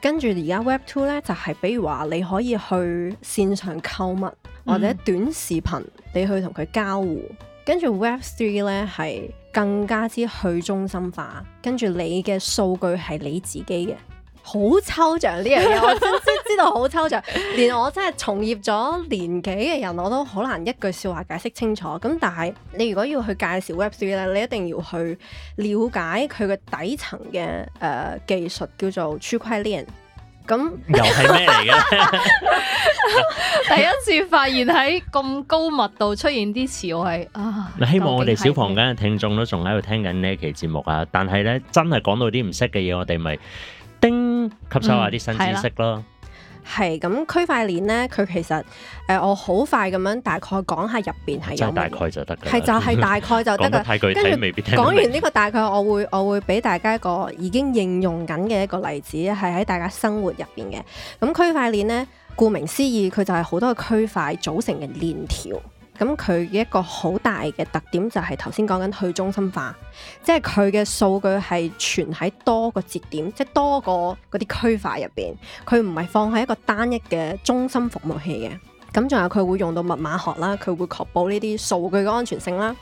跟住而家 Web two 咧，就係、是、比如話你可以去綫上購物，嗯、或者短視頻，你去同佢交互。跟住 Web Three 咧，係更加之去中心化。跟住你嘅數據係你自己嘅，好抽象呢樣嘢，我真知道好抽象。我抽象 連我真係從業咗年幾嘅人，我都好難一句說話解釋清楚。咁但係你如果要去介紹 Web Three 咧，你一定要去了解佢嘅底層嘅誒、呃、技術，叫做 True 區塊鏈。咁又係咩嚟嘅？那 第一次發現喺咁高密度出現啲詞，我係啊。希望我哋小房間嘅聽眾都仲喺度聽緊呢一期節目啊！但係咧，真係講到啲唔識嘅嘢，我哋咪叮吸收下啲新知識咯。嗯。係咁，區塊鏈咧，佢其實誒、呃，我好快咁樣大概講下入邊係有，大概就得，係就係、係、大概就 得嘅。講後得太具體未必講完呢、呢個 大概我，我會我會俾大家一個已經應用緊嘅一個例子，係喺大家生活入邊嘅。咁區塊鏈咧，顧名思義，佢就係好多個區塊組成嘅鏈條。咁佢嘅一個好大嘅特點就係頭先講緊去中心化，即係佢嘅數據係存喺多個節點，即係多個嗰啲區塊入邊，佢唔係放喺一個單一嘅中心服務器嘅。咁仲有佢會用到密碼學啦，佢會確保呢啲數據嘅安全性啦。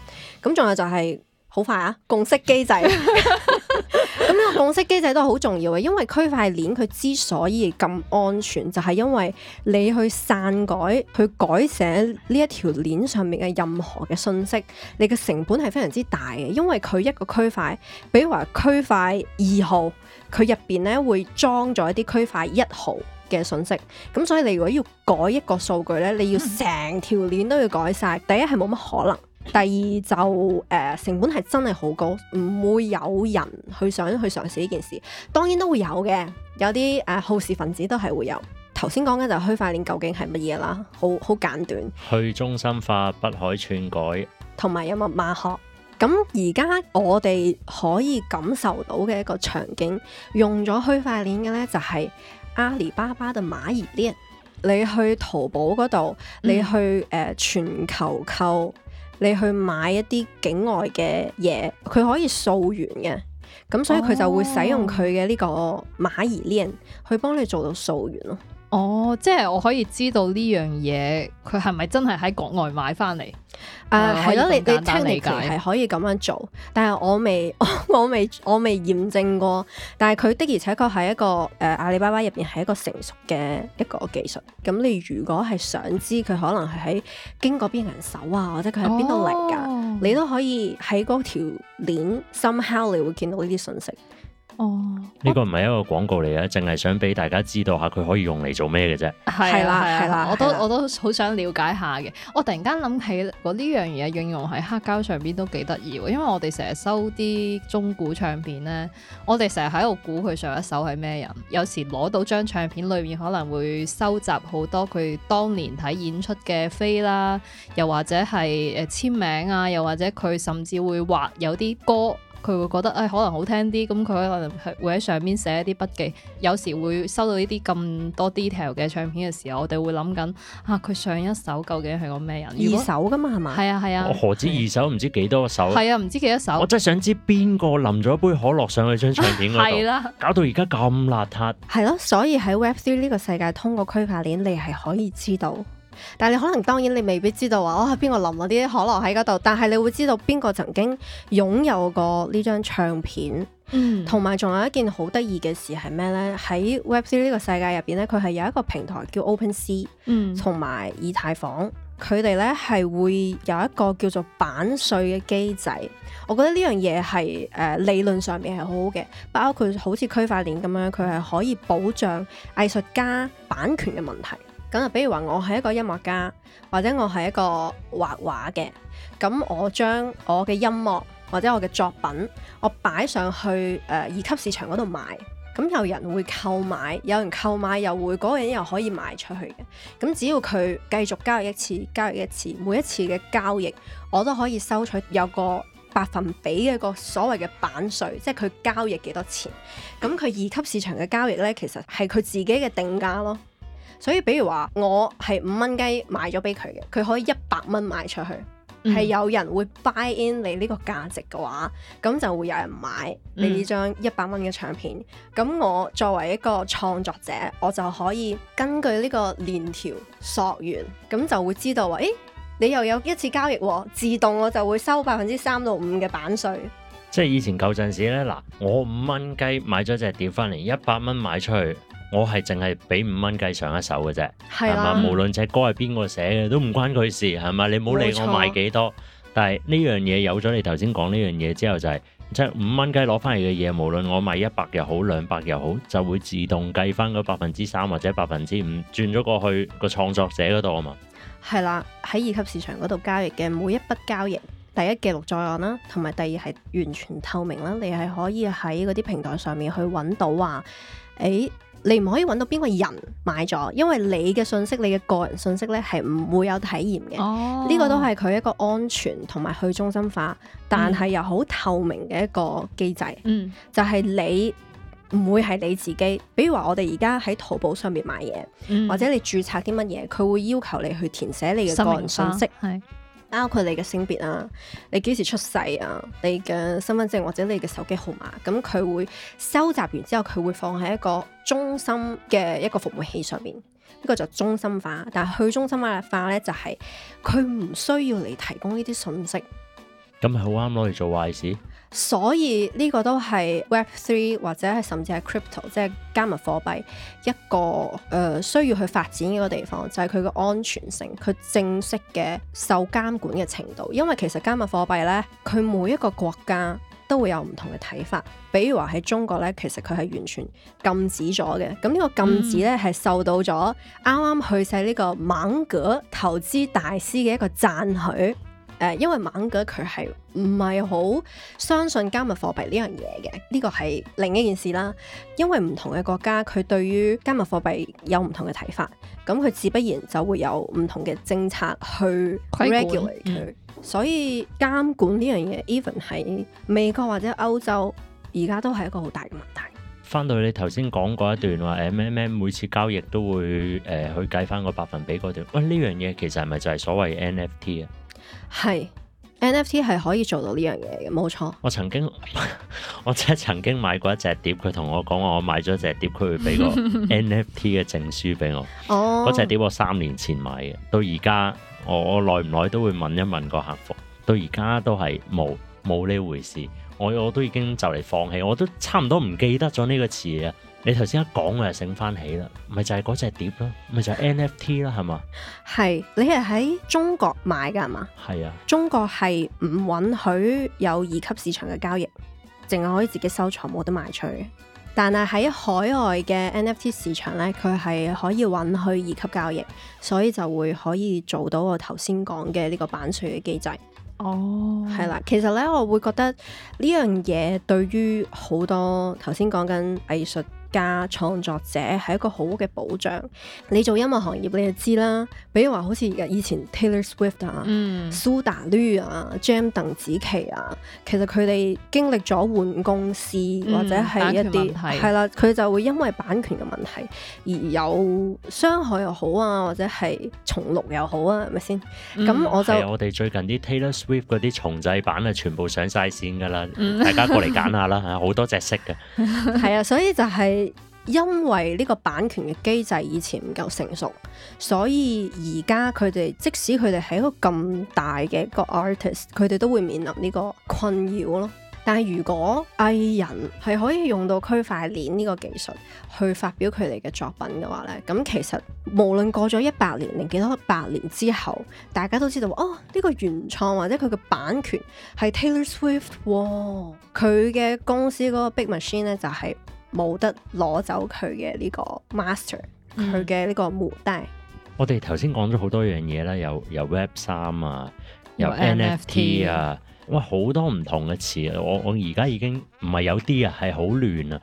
咁仲有就係、是。好快啊！共識機制，咁 呢個共識機制都係好重要嘅，因為區塊鏈佢之所以咁安全，就係因為你去篡改、去改寫呢一條鏈上面嘅任何嘅信息，你嘅成本係非常之大嘅，因為佢一個區塊，比如話區塊二號，佢入邊咧會裝咗一啲區塊一號嘅信息，咁所以你如果要改一個數據咧，你要成條鏈都要改晒。第一係冇乜可能。第二就誒、呃、成本係真係好高，唔會有人去想去嘗試呢件事。當然都會有嘅，有啲誒好事分子都係會有。頭先講嘅就係區塊鏈究竟係乜嘢啦，好好簡短。去中心化，不可篡改，同埋有密碼學。咁而家我哋可以感受到嘅一個場景，用咗區塊鏈嘅呢，就係、是、阿里巴巴嘅馬兒鏈呢。你去淘寶嗰度，你去誒、呃、全球購。你去買一啲境外嘅嘢，佢可以溯源嘅，咁所以佢就會使用佢嘅呢個馬兒鏈去幫你做到溯源咯。哦，即係我可以知道呢樣嘢，佢係咪真係喺國外買翻嚟？誒、啊，係咯、啊，你你聽其實係可以咁樣做，但係我未，我未，我未驗證過。但係佢的而且確係一個誒、呃、阿里巴巴入邊係一個成熟嘅一個技術。咁你如果係想知佢可能係喺經過邊人手啊，或者佢喺邊度嚟噶，哦、你都可以喺嗰條鏈 somehow 你會見到呢啲信息。哦，呢個唔係一個廣告嚟嘅，淨係我想俾大家知道下佢可以用嚟做咩嘅啫。係啦，係啦，啦，啦我，我都我都好想了解下嘅。我突然間諗起，我呢樣嘢應用喺黑膠上邊都幾得意喎。因為我哋成日收啲中古唱片咧，我哋成日喺度估佢上一首係咩人。有時攞到張唱片裏面可能會收集好多佢當年睇演出嘅飛啦，又或者係誒簽名啊，又或者佢甚至會畫有啲歌。佢會覺得誒、哎、可能好聽啲，咁佢可能係會喺上面寫一啲筆記。有時會收到呢啲咁多 detail 嘅唱片嘅時候，我哋會諗緊啊，佢上一首究竟係個咩人？二手噶嘛係嘛？係啊係啊，啊我何止二手，唔知幾多首？係啊，唔知幾多首？我真係想知邊個淋咗一杯可樂上去張唱片嗰度。係啦， 是的 搞到而家咁邋遢。係咯， 所以喺 Web Three 呢個世界，通過區塊鏈，你係可以知道。但係你可能，當然你未必知道話，我係邊個淋嗰啲可樂喺嗰度。但係你會知道邊個曾經擁有過呢張唱片。嗯，同埋仲有一件好得意嘅事係咩呢？喺 Web3 呢個世界入邊咧，佢係有一個平台叫 OpenSea，嗯，同埋以太坊，佢哋咧係會有一個叫做版稅嘅機制。我覺得呢樣嘢係誒理論上面係好好嘅，包括好似區塊鏈咁樣，佢係可以保障藝術家版權嘅問題。咁啊，比如話我係一個音樂家，或者我係一個畫畫嘅，咁我將我嘅音樂或者我嘅作品，我擺上去誒、呃、二級市場嗰度賣，咁有人會購買，有人購買又會，嗰、嗰個人又可以賣出去嘅。咁只要佢繼續交易一次，交易一次，每一次嘅交易，我都可以收取有個百分比嘅一個所謂嘅版稅，即係佢交易幾多錢。咁佢二級市場嘅交易呢，其實係佢自己嘅定價咯。所以，比如話，我係五蚊雞買咗俾佢嘅，佢可以一百蚊賣出去，係、嗯、有人會 buy in 你呢個價值嘅話，咁就會有人買你呢張一百蚊嘅唱片。咁、嗯、我作為一個創作者，我就可以根據呢個鏈條索完，咁就會知道話，誒，你又有一次交易、哦，自動我就會收百分之三到五嘅版稅。即係以前舊陣時呢，嗱，我五蚊雞買咗隻碟翻嚟，一百蚊賣出去。我係淨係俾五蚊雞上一手嘅啫，係嘛、啊？無論隻歌係邊個寫嘅都唔關佢事，係咪？你唔好理我賣幾多，冇錯，但係呢樣嘢有咗你頭先講呢樣嘢之後、就係，就係即係五蚊雞攞翻嚟嘅嘢，無論我賣一百又好兩百又好，就會自動計翻嗰百分之三或者百分之五轉咗過去個創作者嗰度啊嘛。係啦，喺二級市場嗰度交易嘅每一筆交易。第一記錄在案啦，同埋第二係完全透明啦。你係可以喺嗰啲平台上面去揾到話，誒你唔可以揾到邊個人買咗，因為你嘅信息、你嘅個人信息呢係唔會有體驗嘅。哦，呢個都係佢一個安全同埋去中心化，但係又好透明嘅一個機制。嗯，就係你唔會係你自己。比如話我哋而家喺淘寶上面買嘢，嗯，或者你註冊啲乜嘢，佢會要求你去填寫你嘅個人信息。係。包括你嘅性別啊，你幾時出世啊，你嘅身份證或者你嘅手機號碼，咁佢會收集完之後，佢會放喺一個中心嘅一個服務器上面，呢個就中心化，但係去中心化咧就係佢唔需要你提供呢啲信息。咁係好啱攞嚟做壞事。所以呢、呢個都係 Web Three 或者係甚至係 Crypto 即係加密貨幣一個誒、呃、需要去發展嘅地方，就係佢嘅安全性、佢正式嘅受監管嘅程度。因為其實加密貨幣呢，佢每一個國家都會有唔同嘅睇法。比如話喺中國呢，其實佢係完全禁止咗嘅。咁呢個禁止呢，係、嗯、受到咗啱啱去世呢個猛格投資大師嘅一個讚許。誒、呃，因為猛格佢係，唔係好相信加密貨幣呢樣嘢嘅，呢、呢個係另一件事啦。因為唔同嘅國家佢對於加密貨幣有唔同嘅睇法，咁佢自不然就會有唔同嘅政策去 regulate 佢。所以監管呢樣嘢，even 喺美國或者歐洲，而家都係一個好大嘅問題。翻到你頭先講過一段話，m m、MM、每次交易都會誒、呃、去計翻個百分比嗰段，喂，呢樣嘢其實係咪就係所謂 NFT 啊？係。NFT 係可以做到呢樣嘢嘅，冇錯。我曾經， 我即係曾經買過一隻碟，佢同我講話我買咗隻碟，佢會俾個 NFT 嘅證書俾我。哦，嗰隻碟我三年前買嘅，到而家我耐唔耐都會問一問個客服，到而家都係冇冇呢回事。我我都已經就嚟放棄，我都差唔多唔記得咗呢個詞啊。你頭先一講，我就醒翻起啦，咪就係嗰隻碟咯，咪就係 NFT 啦，係嘛？係，你係喺中國買㗎，係嘛？係啊，中國係唔允許有二級市場嘅交易，淨係可以自己收藏，冇得賣出去。但係喺海外嘅 NFT 市場呢，佢係可以允許二級交易，所以就會可以做到我頭先講嘅呢個版稅嘅機制。哦，係啦，其實呢，我會覺得呢樣嘢對於好多頭先講緊藝術家創作者係一個好嘅保障。你做音樂行業，你就知啦。比如話，好似以前 Taylor Swift 啊、蘇打綠、嗯、啊、G.E.M. 鄧紫棋啊，其實佢哋經歷咗換公司或者係一啲，係啦、嗯，佢、啊、就會因為版權嘅問題而有傷害又好啊，或者係重錄又好啊，係咪先？咁、嗯、我就、啊、我哋最近啲 Taylor Swift 嗰啲重製版啊，全部上晒線㗎喇， 大家過嚟揀下啦，好多隻色嘅。係啊，所以就係、是。因為呢個版權嘅機制以前唔夠成熟，所以而家佢哋即使佢哋喺一個咁大嘅一個 artist，佢哋都會面臨呢個困擾咯。但係如果藝人係可以用到區塊鏈呢個技術去發表佢哋嘅作品嘅話咧，咁其實無論過咗一百年定幾多百年之後，大家都知道哦，呢個原創或者佢嘅版權係 Taylor Swift 喎，佢嘅公司嗰個 Big Machine 咧就係、是。冇得攞走佢嘅呢個 master，佢嘅呢個母帶。我哋頭先講咗好多樣嘢啦，有有 Web 三啊，有，有 NFT 啊，哇好多唔同嘅詞啊！我我而家已經唔係有啲啊，係好亂啊！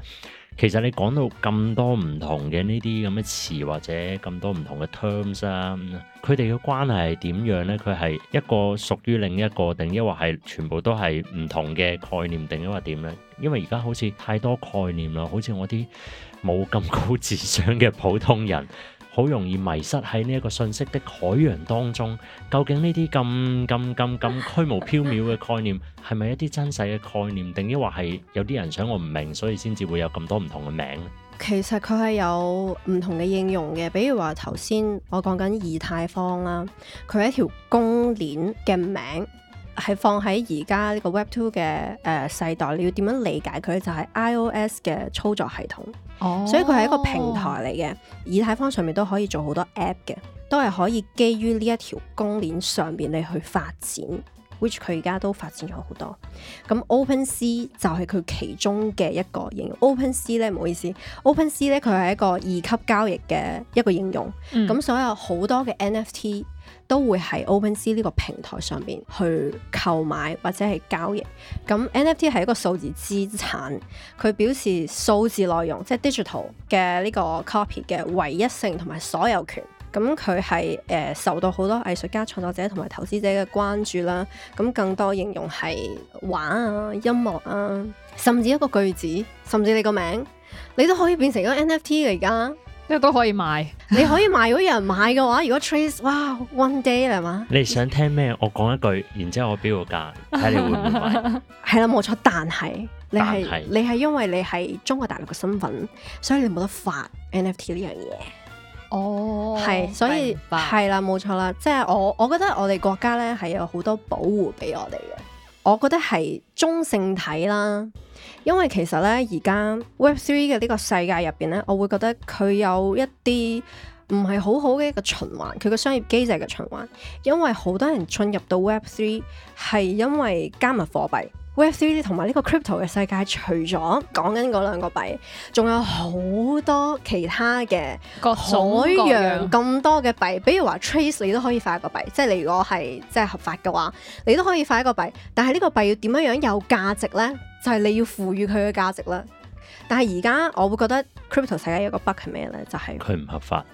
其實你講到咁多唔同嘅呢啲咁嘅詞，或者咁多唔同嘅 terms 啊，佢哋嘅關係係點樣呢？佢係一個屬於另一個定，抑或係全部都係唔同嘅概念定，抑或點呢？因為而家好似太多概念啦，好似我啲冇咁高智商嘅普通人。好容易迷失喺呢一個信息的海洋當中，究竟呢啲咁咁咁咁虛無縹緲嘅概念，係咪 一啲真實嘅概念，定抑或係有啲人想我唔明，所以先至會有咁多唔同嘅名咧？其實佢係有唔同嘅應用嘅，比如話頭先我講緊以太坊啦，佢係一條公鏈嘅名。係放喺而家呢個 Web Two 嘅誒、呃、世代，你要點樣理解佢就係、是、iOS 嘅操作系統，oh. 所以佢係一個平台嚟嘅，以太坊上面都可以做好多 app 嘅，都係可以基於呢一條公鏈上邊你去發展。which 佢而家都發展咗好多，咁 OpenSea 就係佢其中嘅一個應用。OpenSea 咧，唔好意思，OpenSea 咧佢係一個二級交易嘅一個應用。咁、嗯、所有好多嘅 NFT 都會喺 OpenSea 呢個平台上面去購買或者係交易。咁 NFT 係一個數字資產，佢表示數字內容即係、就是、digital 嘅呢個 copy 嘅唯一性同埋所有權。咁佢係誒受到好多藝術家創作者同埋投資者嘅關注啦。咁、嗯、更多形容係畫啊、音樂啊，甚至一個句子，甚至你個名，你都可以變成一個 NFT 而家，即係都可以賣。你可以賣， 如果有人買嘅話，如果 Trace，哇，One Day 係嘛？你想聽咩？我講一句，然之後我標個價，睇你會唔會買 啊？係啦，冇錯。但係，但是你係，你係因為你係中國大陸嘅身份，所以你冇得發 NFT 呢樣嘢。哦，係，所以係啦，冇錯啦，即係、就是、我，我覺得我哋國家咧係有好多保護俾我哋嘅，我覺得係中性睇啦，因為其實咧而家 Web Three 嘅呢個世界入邊咧，我會覺得佢有一啲唔係好好嘅一個循環，佢個商業機制嘅循環，因為好多人進入到 Web Three 係因為加密貨幣。Web3 同埋呢個 crypto 嘅世界，除咗講緊嗰兩個幣，仲有好多其他嘅各種各樣咁多嘅幣，比如話 Trace，你都可以發一個幣，即係你如果係即係合法嘅話，你都可以發一個幣。但係呢個幣要點樣樣有價值呢？就係你要賦予佢嘅價值啦。但係而家我會覺得 crypto 世界有個 bug 係咩呢？就係佢唔合法。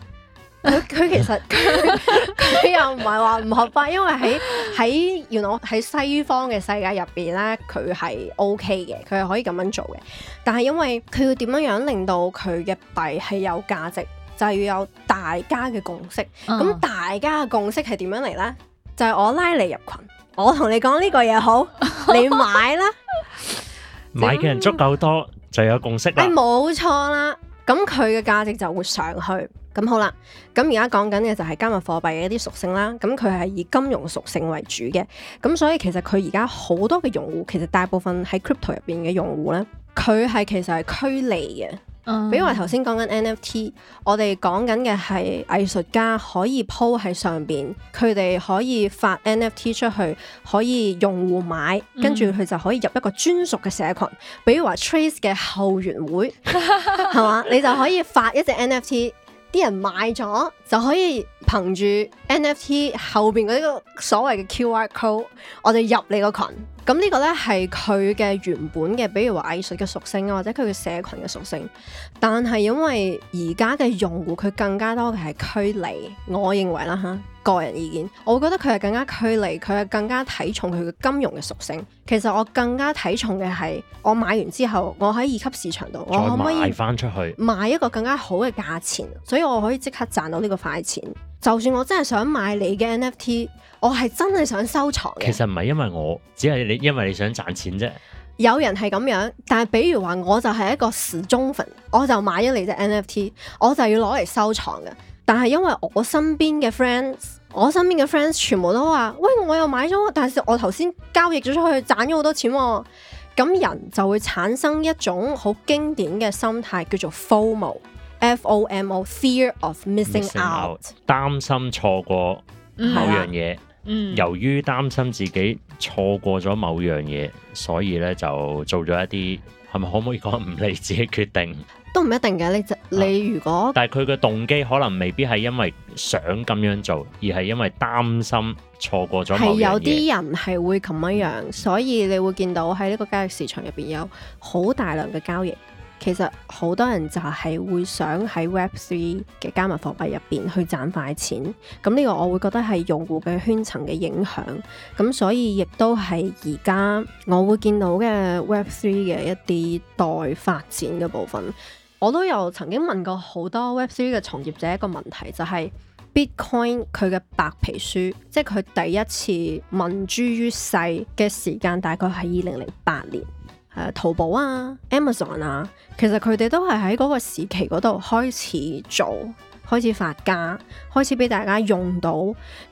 佢 其實佢又唔係話唔合法，因為喺喺原來我喺西方嘅世界入邊咧，佢係 OK 嘅，佢係可以咁樣做嘅。但係因為佢要點樣樣令到佢嘅幣係有價值，就係、是、要有大家嘅共識。咁、嗯、大家嘅共識係點樣嚟呢？就係、是、我拉你入群，我同你講呢個嘢好，你買啦， 買嘅人足夠多就有共識啦。冇、哎、錯啦。咁佢嘅價值就會上去，咁好啦。咁而家講緊嘅就係加密貨幣嘅一啲屬性啦，咁佢係以金融屬性為主嘅，咁所以其實佢而家好多嘅用戶，其實大部分喺 crypto 入邊嘅用戶咧，佢係其實係趨利嘅。嗯、比如話頭先講緊 NFT，我哋講緊嘅係藝術家可以鋪喺上邊，佢哋可以發 NFT 出去，可以用戶買，跟住佢就可以入一個專屬嘅社群。比如話 Trace 嘅後援會係嘛， 你就可以發一隻 NFT，啲人買咗就可以憑住 NFT 後邊嗰啲所謂嘅 QR code，我哋入你個群。咁呢個呢，係佢嘅原本嘅，比如話藝術嘅屬性啊，或者佢嘅社群嘅屬性。但係因為而家嘅用戶佢更加多嘅係距離，我認為啦嚇，個人意見，我覺得佢係更加距離，佢係更加睇重佢嘅金融嘅屬性。其實我更加睇重嘅係，我買完之後，我喺二級市場度，我可唔可以賣翻出去，賣一個更加好嘅價錢，所以我可以即刻賺到呢個快錢。就算我真係想買你嘅 NFT。我係真係想收藏嘅，其實唔係因為我，只係你，因為你想賺錢啫。有人係咁樣，但係比如話我就係一個時中粉，我就買咗你隻 NFT，我就要攞嚟收藏嘅。但係因為我身邊嘅 friend s 我身邊嘅 friend s 全部都話，喂，我又買咗，但是我頭先交易咗出去，賺咗好多錢啊。咁人就會產生一種好經典嘅心態，叫做 FOMO，FOMO，Fear of Missing Miss ing Out，擔心錯過某樣嘢，嗯。嗯由於擔心自己錯過咗某樣嘢，所以咧就做咗一啲係咪可唔可以講唔理智嘅決定？都唔一定嘅，你、啊、你如果但係佢嘅動機可能未必係因為想咁樣做，而係因為擔心錯過咗某樣嘢。係有啲人係會咁樣，嗯、所以你會見到喺呢個交易市場入邊有好大量嘅交易。其實好多人就係會想喺 Web3 嘅加密貨幣入邊去賺快錢，咁呢個我會覺得係用戶嘅圈層嘅影響，咁所以亦都係而家我會見到嘅 Web3 嘅一啲待發展嘅部分。我都有曾經問過好多 Web3 嘅從業者一個問題，就係 Bitcoin 佢嘅白皮書，即係佢第一次問諸於世嘅時間，大概係二零零八年。誒淘寶啊、Amazon 啊，其實佢哋都係喺嗰個時期嗰度開始做、開始發家、開始俾大家用到。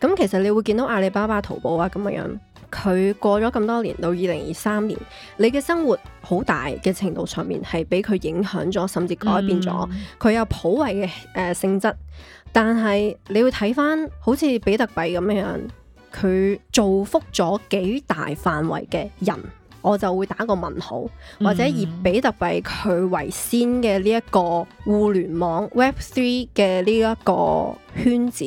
咁其實你會見到阿里巴巴、淘寶啊咁嘅樣，佢過咗咁多年到二零二三年，你嘅生活好大嘅程度上面係俾佢影響咗，甚至改變咗。佢、嗯、有普惠嘅誒性質，但係你要睇翻好似比特幣咁樣樣，佢造福咗幾大範圍嘅人。我就會打個問號，或者以比特幣佢為先嘅呢一個互聯網 Web Three 嘅呢一個圈子，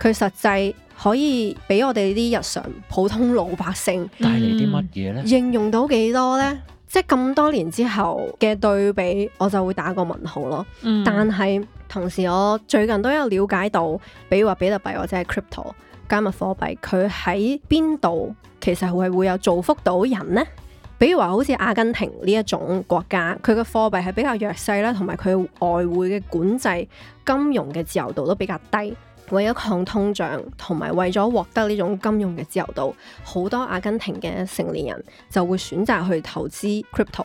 佢實際可以俾我哋啲日常普通老百姓帶嚟啲乜嘢咧？應用到幾多呢？即係咁多年之後嘅對比，我就會打個問號咯。嗯。但係同時，我最近都有了解到，比如話比特幣或者係 crypto 加密貨幣，佢喺邊度其實係會有造福到人呢？比如話，好似阿根廷呢一種國家，佢嘅貨幣係比較弱勢啦，同埋佢外匯嘅管制、金融嘅自由度都比較低。為咗抗通脹，同埋為咗獲得呢種金融嘅自由度，好多阿根廷嘅成年人就會選擇去投資 Crypto。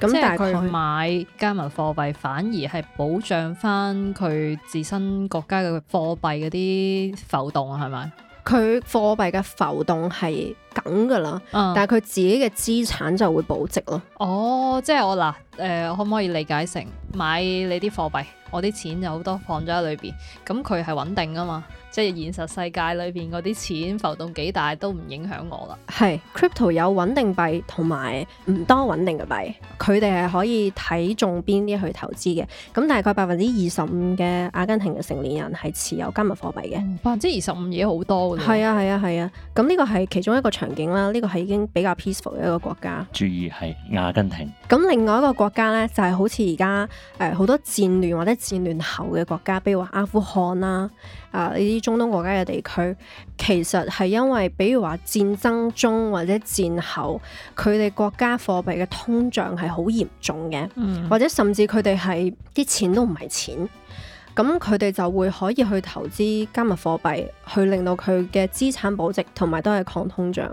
咁但係，佢買加密貨幣，反而係保障翻佢自身國家嘅貨幣嗰啲浮動，係咪？佢貨幣嘅浮動係梗㗎啦，嗯、但係佢自己嘅資產就會保值咯。哦，即係我嗱，誒、呃、可唔可以理解成買你啲貨幣，我啲錢就好多放咗喺裏邊，咁佢係穩定㗎嘛？即係現實世界裏邊嗰啲錢浮動幾大都唔影響我啦。係，crypto 有穩定幣同埋唔多穩定嘅幣，佢哋係可以睇中邊啲去投資嘅。咁大概百分之二十五嘅阿根廷嘅成年人係持有加密貨幣嘅，百分之二十五，嘢好多㗎。係啊係啊係啊，咁呢、啊啊、個係其中一個場景啦。呢、這個係已經比較 peaceful 嘅一個國家。注意係阿根廷。咁另外一個國家呢，就係、是、好似而家誒好多戰亂或者戰亂後嘅國家，比如話阿富汗啦啊呢啲。啊中東國家嘅地區，其實係因為比如話戰爭中或者戰後，佢哋國家貨幣嘅通脹係好嚴重嘅，嗯、或者甚至佢哋係啲錢都唔係錢。咁佢哋就會可以去投資加密貨幣，去令到佢嘅資產保值，同埋都係抗通脹。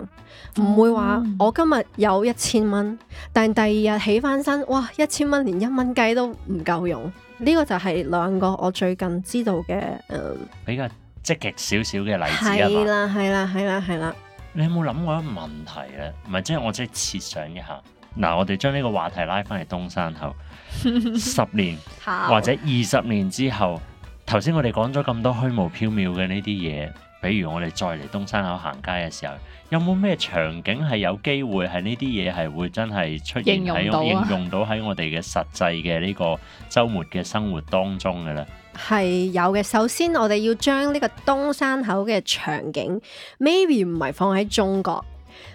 唔會話我今日有一千蚊，但第二日起翻身，哇！一千蚊連一蚊雞都唔夠用。呢、這個就係兩個我最近知道嘅，誒、嗯，比較。積極少少嘅例子啊，係啦係啦係啦係啦。你有冇諗過一個問題咧？唔係即係我即係設想一下。嗱，我哋將呢個話題拉翻嚟東山口十 年 或者二十年之後，頭先我哋講咗咁多虛無縹緲嘅呢啲嘢。比如我哋再嚟東山口行街嘅時候，有冇咩場景係有機會係呢啲嘢係會真係出現喺應用到喺、啊、我哋嘅實際嘅呢個週末嘅生活當中嘅咧？係有嘅。首先，我哋要將呢個東山口嘅場景，maybe 唔係放喺中國，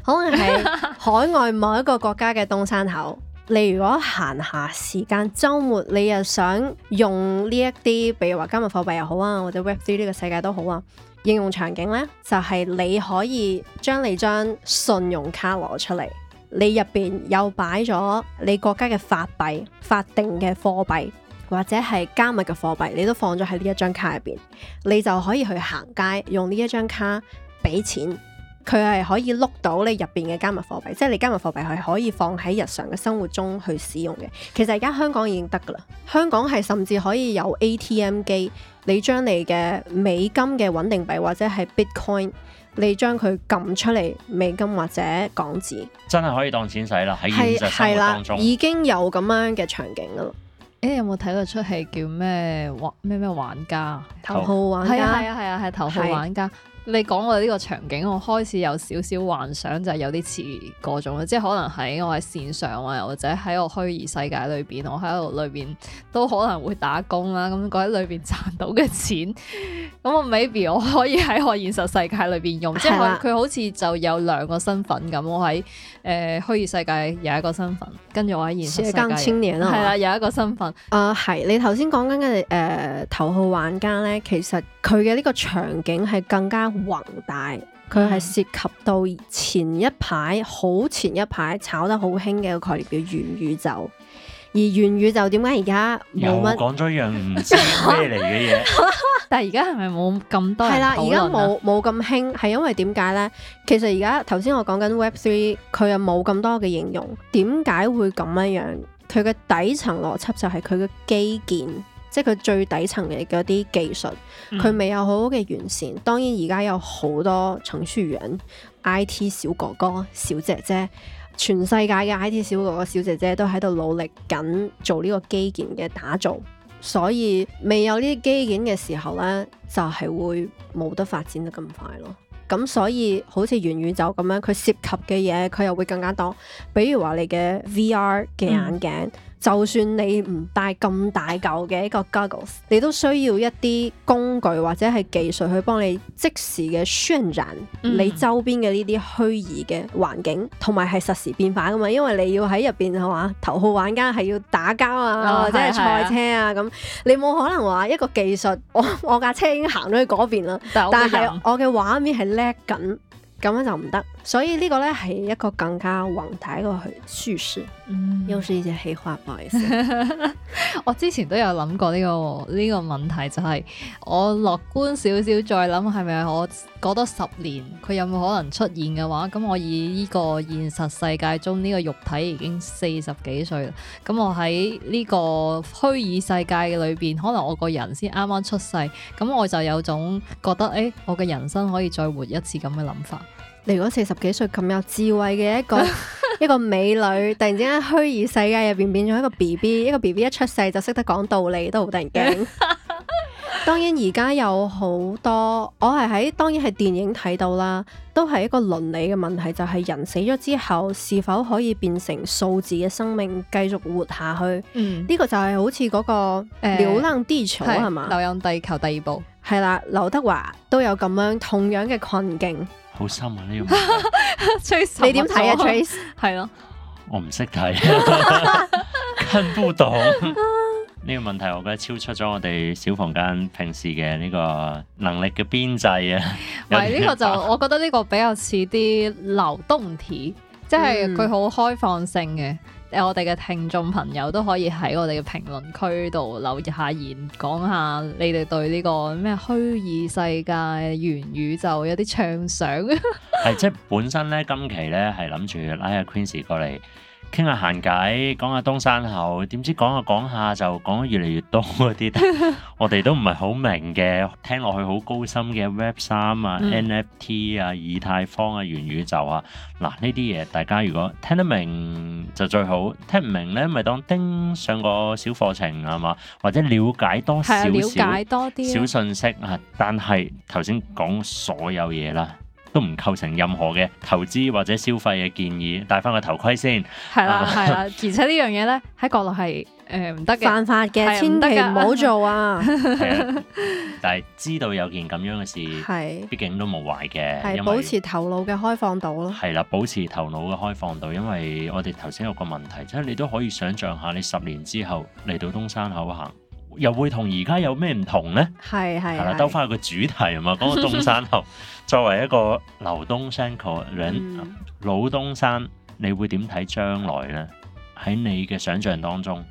可能係海外某一個國家嘅東山口。 你如果閒下時間週末，你又想用呢一啲，比如話加密貨幣又好啊，或者 Web3 呢個世界都好啊。應用場景咧，就係、是、你可以將你張信用卡攞出嚟，你入邊又擺咗你國家嘅法幣、法定嘅貨幣或者係加密嘅貨幣，你都放咗喺呢一張卡入邊，你就可以去行街用呢一張卡俾錢。佢係可以碌到你入邊嘅加密貨幣，即係你加密貨幣係可以放喺日常嘅生活中去使用嘅。其實而家香港已經得噶啦，香港係甚至可以有 ATM 機，你將你嘅美金嘅穩定幣或者係 Bitcoin，你將佢撳出嚟美金或者港紙，真係可以當錢使啦喺現實生活當中。係啦，已經有咁樣嘅場景噶啦。誒、哎，你有冇睇過出戲叫咩咩咩玩家？頭號玩家，係啊，係啊，係頭號玩家。你講我呢個場景，我開始有少少幻想就，就有啲似嗰種，即係可能喺我喺線上啊，或者喺我虛擬世界裏邊，我喺度裏邊都可能會打工啦、啊。咁我喺裏邊賺到嘅錢，咁我 maybe 我可以喺我現實世界裏邊用，吧即係佢好似就有兩個身份咁，我喺。誒、呃、虛擬世界有一個身份，跟住我喺現實世界，係啊，啊有一個身份。誒係、呃，你頭先講緊嘅誒頭號玩家咧，其實佢嘅呢個場景係更加宏大，佢係、嗯、涉及到前一排好前一排炒得好興嘅一個概念叫元宇宙。而元宇宙點解而家冇乜？講咗一樣唔知咩嚟嘅嘢。但而家係咪冇咁多人討論？係啦，而家冇冇咁興，係因為點解咧？其實而家頭先我講緊 Web Three，佢又冇咁多嘅應用。點解會咁樣樣？佢嘅底層邏輯就係佢嘅基建，即係佢最底層嘅嗰啲技術，佢未有好好嘅完善。嗯、當然而家有好多程序員 IT 小哥哥、小姐姐，全世界嘅 IT 小哥哥、小姐姐都喺度努力緊做呢個基建嘅打造。所以未有呢啲機件嘅時候呢，就係會冇得發展得咁快咯。咁所以好似元宇宙咁樣，佢涉及嘅嘢佢又會更加多。比如話你嘅 VR 嘅眼鏡。嗯就算你唔戴咁大舊嘅一個 goggles，你都需要一啲工具或者係技術去幫你即時嘅渲染你周邊嘅呢啲虛擬嘅環境，同埋係實時變化噶嘛？因為你要喺入邊係嘛，頭號玩家係要打交啊，或者係賽車啊咁，哦、啊啊你冇可能話一個技術，我我架車已經行到去嗰邊啦，但係我嘅畫面係叻緊，咁樣就唔得。所以呢個呢，係一個更加宏大嘅個敘事，嗯、又是一啲黑話，唔好意思。 我之前都有諗過呢、這個呢、這個問題、就是，就係我樂觀少少再諗，係咪我過多十年佢有冇可能出現嘅話？咁我以呢個現實世界中呢個肉體已經四十幾歲啦，咁我喺呢個虛擬世界裏邊，可能我個人先啱啱出世，咁我就有種覺得誒、欸，我嘅人生可以再活一次咁嘅諗法。你如果四十幾歲咁有智慧嘅一個 一個美女，突然之間虛擬世界入邊變咗一個 B B，一個 B B 一出世就識得講道理都好突然驚。當然而家有好多，我係喺當然係電影睇到啦，都係一個倫理嘅問題，就係、是、人死咗之後是否可以變成數字嘅生命繼續活下去？呢、嗯、個就係好似嗰個、欸《地吧流浪地球》係嘛，《流浪地球》第二部係啦，劉德華都有咁樣同樣嘅困境。好深啊！呢個 默你點睇啊？Trace 係咯，我唔識睇， 跟唔到呢個問題，我覺得超出咗我哋小房間平時嘅呢個能力嘅邊際啊。唔係呢個就， 我覺得呢個比較似啲流動貼，即係佢好開放性嘅。嗯誒，我哋嘅聽眾朋友都可以喺我哋嘅評論區度留意下言，講下你哋對呢個咩虛擬世界元宇宙有啲暢想。係， 即係本身咧，今期咧係諗住拉阿 Quincy 過嚟。傾下閒偈，講下東山口，點知講下講下就講得越嚟越多嗰啲，我哋都唔係好明嘅，聽落去好高深嘅 Web 三啊、 NFT 啊、以太坊啊、元宇宙啊，嗱呢啲嘢大家如果聽得明就最好，聽唔明咧咪當丁上個小課程啊嘛，或者了解多少少信息啊， 嗯、點點但係頭先講所有嘢啦，都唔構成任何嘅投資或者消費嘅建議，戴翻個頭盔先。係啦、啊，係啦、 啊，而且呢樣嘢呢，喺國內係誒唔得嘅犯法嘅、啊，千祈唔好做啊！啊但係知道有件咁樣嘅事，係畢 竟都冇壞嘅，係保持頭腦嘅開放度咯。係啦為，保持頭腦嘅開放度，因為我哋頭先有個問題，即、就、係、是、你都可以想象下，你十年之後嚟到東山口行，又會同而家有咩唔同呢？係係兜翻個主題啊嘛，講、那個東山口。 作為一個流東山口老東山，你會點睇將來呢？喺你嘅想象當中，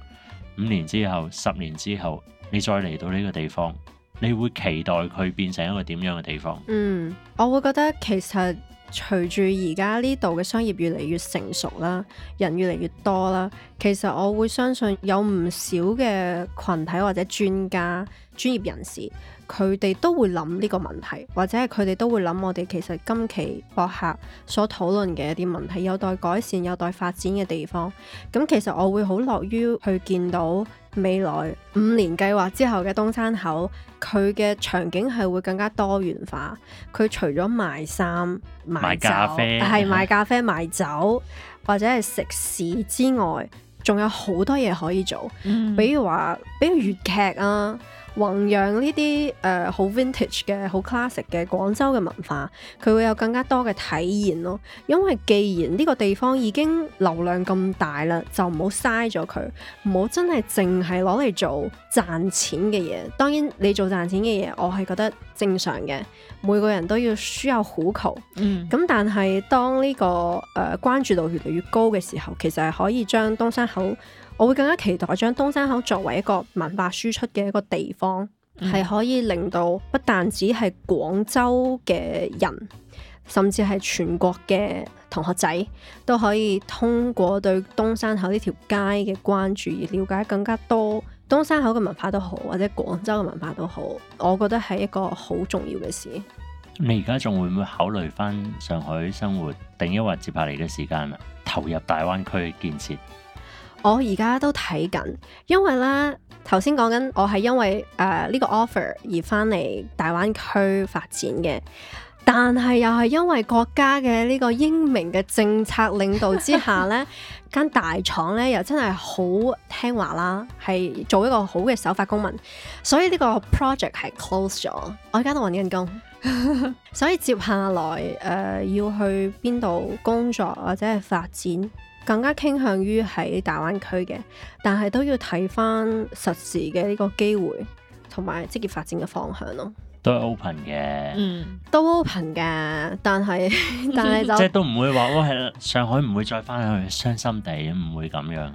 五年之後、十年之後，你再嚟到呢個地方，你會期待佢變成一個點樣嘅地方？嗯，我會覺得其實隨住而家呢度嘅商業越嚟越成熟啦，人越嚟越多啦，其實我會相信有唔少嘅群體或者專家、專業人士。佢哋都會諗呢個問題，或者係佢哋都會諗我哋其實今期播客所討論嘅一啲問題有待改善、有待發展嘅地方。咁其實我會好樂於去見到未來五年計劃之後嘅東山口，佢嘅場景係會更加多元化。佢除咗賣衫、賣，賣咖啡，係賣咖啡、賣酒或者係食肆之外，仲有好多嘢可以做，嗯、比如話，比如粵劇啊。弘揚呢啲誒好 vintage 嘅、好 classic 嘅廣州嘅文化，佢會有更加多嘅體驗咯。因為既然呢個地方已經流量咁大啦，就唔好嘥咗佢，唔好真係淨係攞嚟做賺錢嘅嘢。當然你做賺錢嘅嘢，我係覺得正常嘅，每個人都要輸有虎求。嗯，咁但係當呢、呢個誒、呃、關注度越嚟越高嘅時候，其實係可以將東山口。我會更加期待將東山口作為一個文化輸出嘅一個地方，係、嗯、可以令到不但只係廣州嘅人，甚至係全國嘅同學仔都可以通過對東山口呢條街嘅關注而了解更加多東山口嘅文化都好，或者廣州嘅文化都好。我覺得係一個好重要嘅事。你而家仲會唔會考慮翻上海生活，定抑或接下嚟嘅時間投入大灣區嘅建設？我而家都睇緊，因為呢頭先講緊我係因為誒呢、呃這個 offer 而翻嚟大灣區發展嘅，但係又係因為國家嘅呢個英明嘅政策領導之下呢間 大廠呢又真係好聽話啦，係做一個好嘅守法公民，所以呢個 project 係 close 咗。我而家都揾緊工， 所以接下來誒、呃、要去邊度工作或者係發展。更加傾向於喺大灣區嘅，但係都要睇翻實時嘅呢個機會同埋職業發展嘅方向咯。都係 open 嘅，嗯、都 open 嘅，嗯，都 open 嘅，但係但係就即係 都唔會話，我係上海唔會再翻去，傷心地唔會咁樣。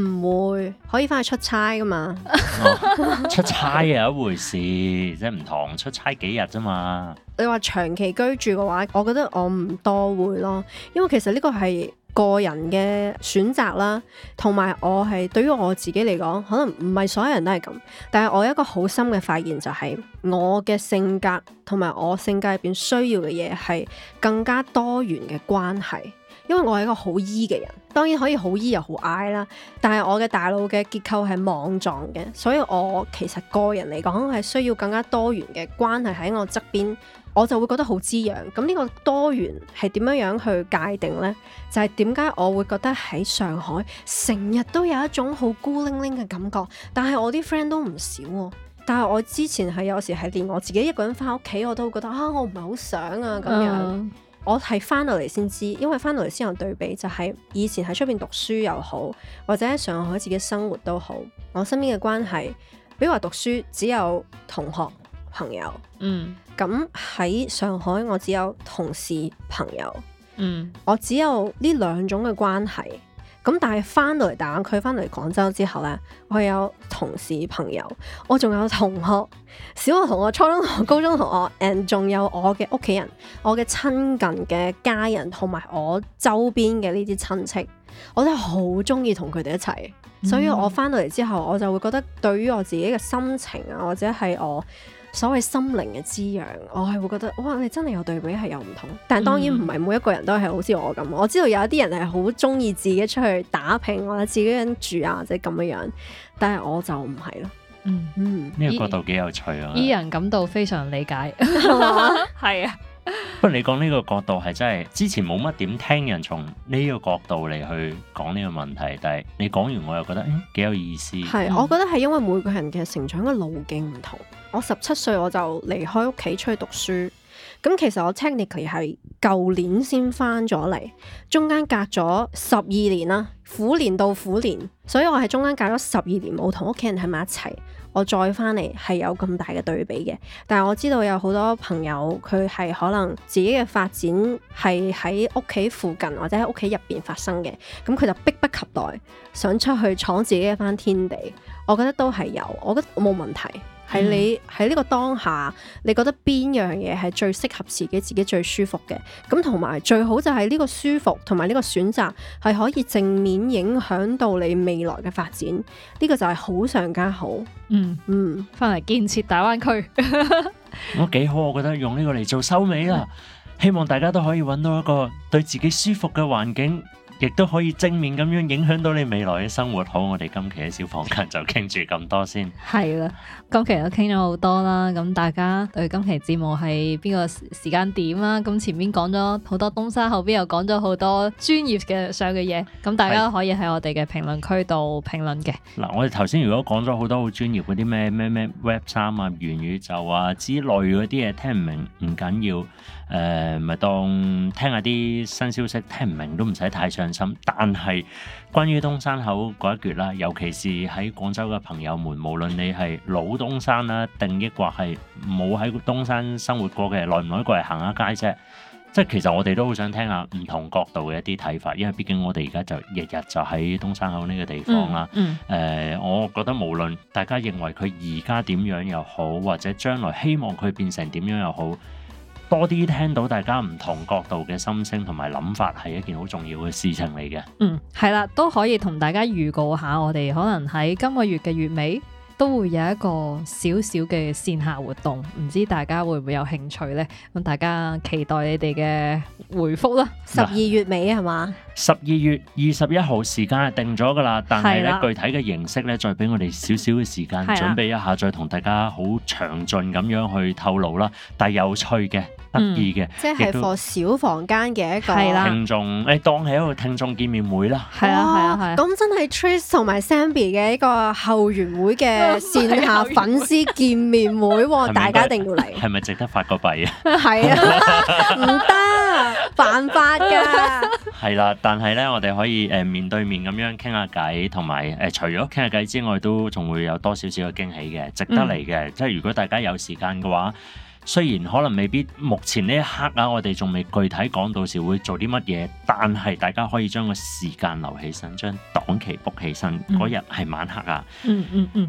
唔 會可以翻去出差㗎嘛、 哦？出差又一回事，即係唔同出差幾日啫嘛。你話長期居住嘅話，我覺得我唔多會咯，因為其實呢個係。個人嘅選擇啦，同埋我係對於我自己嚟講，可能唔係所有人都係咁，但係我有一個好深嘅發現就係、是、我嘅性格同埋我性格入邊需要嘅嘢係更加多元嘅關係，因為我係一個好 E 嘅人，當然可以好 E 又好 I 啦，但係我嘅大腦嘅結構係網狀嘅，所以我其實個人嚟講係需要更加多元嘅關係喺我側邊。我就會覺得好滋養。咁呢個多元係點樣樣去界定呢？就係點解我會覺得喺上海成日都有一種好孤零零嘅感覺？但係我啲 friend 都唔少喎、啊。但係我之前係有時係連我自己一個人翻屋企我都會覺得啊，我唔係好想啊咁樣。嗯、我係翻到嚟先知，因為翻到嚟先有對比，就係、是、以前喺出邊讀書又好，或者喺上海自己生活都好，我身邊嘅關係，比如話讀書只有同學朋友，嗯。咁喺上海，我只有同事朋友，嗯，我只有呢兩種嘅關係。咁但係翻到嚟大灣區翻嚟廣州之後呢，我有同事朋友，我仲有同學，小學同學、初中同學、高中同學，and 仲 有我嘅屋企人、我嘅親近嘅家人，同埋我周邊嘅呢啲親戚，我都好中意同佢哋一齊。嗯、所以我翻到嚟之後，我就會覺得對於我自己嘅心情啊，或者係我。所謂心靈嘅滋養，我係會覺得哇，你真係有對比係有唔同，但係當然唔係每一個人都係好似我咁。嗯、我知道有一啲人係好中意自己出去打拼或者自己一個人住啊，或者咁嘅樣，但係我就唔係咯。嗯嗯，呢以、嗯、個角度幾有趣啊！依人感到非常理解，係 吧 啊。不過你講呢個角度係真係之前冇乜點聽人從呢個角度嚟去講呢個問題，但係你講完我又覺得嗯幾有意思。係，我覺得係因為每個人嘅成長嘅路徑唔同。我十七歲我就離開屋企出去讀書，咁其實我 technically 係舊年先翻咗嚟，中間隔咗十二年啦，虎年到虎年，所以我係中間隔咗十二年冇同屋企人喺埋一齊。我再翻嚟係有咁大嘅對比嘅，但係我知道有好多朋友佢係可能自己嘅發展係喺屋企附近或者喺屋企入邊發生嘅，咁佢就迫不及待想出去闖自己一番天地。我覺得都係有，我覺得冇問題。係你喺呢個當下，你覺得邊樣嘢係最適合自己，自己最舒服嘅？咁同埋最好就係呢個舒服同埋呢個選擇係可以正面影響到你未來嘅發展，呢、這個就係好上加好。嗯嗯，翻嚟，嗯、建設大灣區，咁 幾好，我覺得用呢個嚟做收尾啦。希望大家都可以揾到一個對自己舒服嘅環境。亦都可以正面咁樣影響到你未來嘅生活，好！我哋今期嘅小房間就傾住咁多先。係啦，今期都傾咗好多啦，咁大家對今期節目係邊個時間點啊？咁前面講咗好多東西，後邊又講咗好多專業嘅上嘅嘢，咁大家可以喺我哋嘅評論區度評論嘅。嗱，我哋頭先如果講咗好多好專業嗰啲咩咩咩 Web 三啊、元宇宙啊之類嗰啲嘢，聽唔明唔緊要。誒咪、呃、當聽下啲新消息，聽唔明都唔使太上心。但係關於東山口嗰一橛啦，尤其是喺廣州嘅朋友們，無論你係老東山啦，定抑或係冇喺東山生活過嘅，耐唔耐過嚟行下街啫。即係其實我哋都好想聽下唔同角度嘅一啲睇法，因為畢竟我哋而家就日日就喺東山口呢個地方啦、嗯。嗯、呃。我覺得無論大家認為佢而家點樣又好，或者將來希望佢變成點樣又好。多啲聽到大家唔同角度嘅心聲同埋諗法係一件好重要嘅事情嚟嘅。嗯，係啦，都可以同大家預告下我，我哋可能喺今個月嘅月尾都會有一個小小嘅線下活動，唔知大家會唔會有興趣呢？咁大家期待你哋嘅回覆啦。十二月尾係嘛？十二、嗯、吧月二十一號時間係定咗噶啦，但係咧的具體嘅形式咧，再俾我哋少少嘅時間準備一下，的再同大家好詳盡咁樣去透露啦，但係有趣嘅。得意嘅、嗯，即係 for 小房間嘅一個聽眾，誒，當係一個聽眾見面會啦。係啊、哦，係啊、哦，咁真係 Trace 同埋 Zenbi 嘅一個後援會嘅線下粉絲見面會，啊、會 大家一定要嚟。係咪值得發個幣啊？係啊， 唔得， 犯法噶。係啦，但係咧，我哋可以誒面對面咁樣傾下偈，同埋誒除咗傾下偈之外，都仲會有多少少嘅驚喜嘅，值得嚟嘅。嗯、即係如果大家有時間嘅話。雖然可能未必，目前呢一刻啊，我哋仲未具體講到時會做啲乜嘢，但係大家可以將個時間留起身，將檔期 book 起身。嗰日係晚黑啊，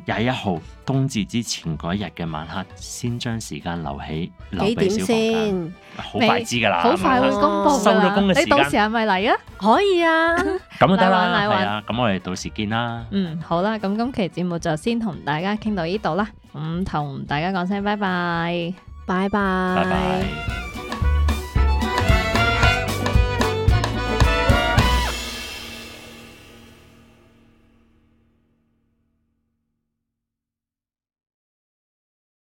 廿一號冬至之前嗰日嘅晚黑，先將時間留起，留俾小房間。幾點時先？好快知噶啦，好快會公布。客啊、收咗工嘅時間，你到時係咪嚟啊？可以啊，咁 就得啦，係啊，咁我哋到時見啦。嗯，好啦，咁今期節目就先同大家傾到呢度啦。咁同大家講聲拜拜。拜拜。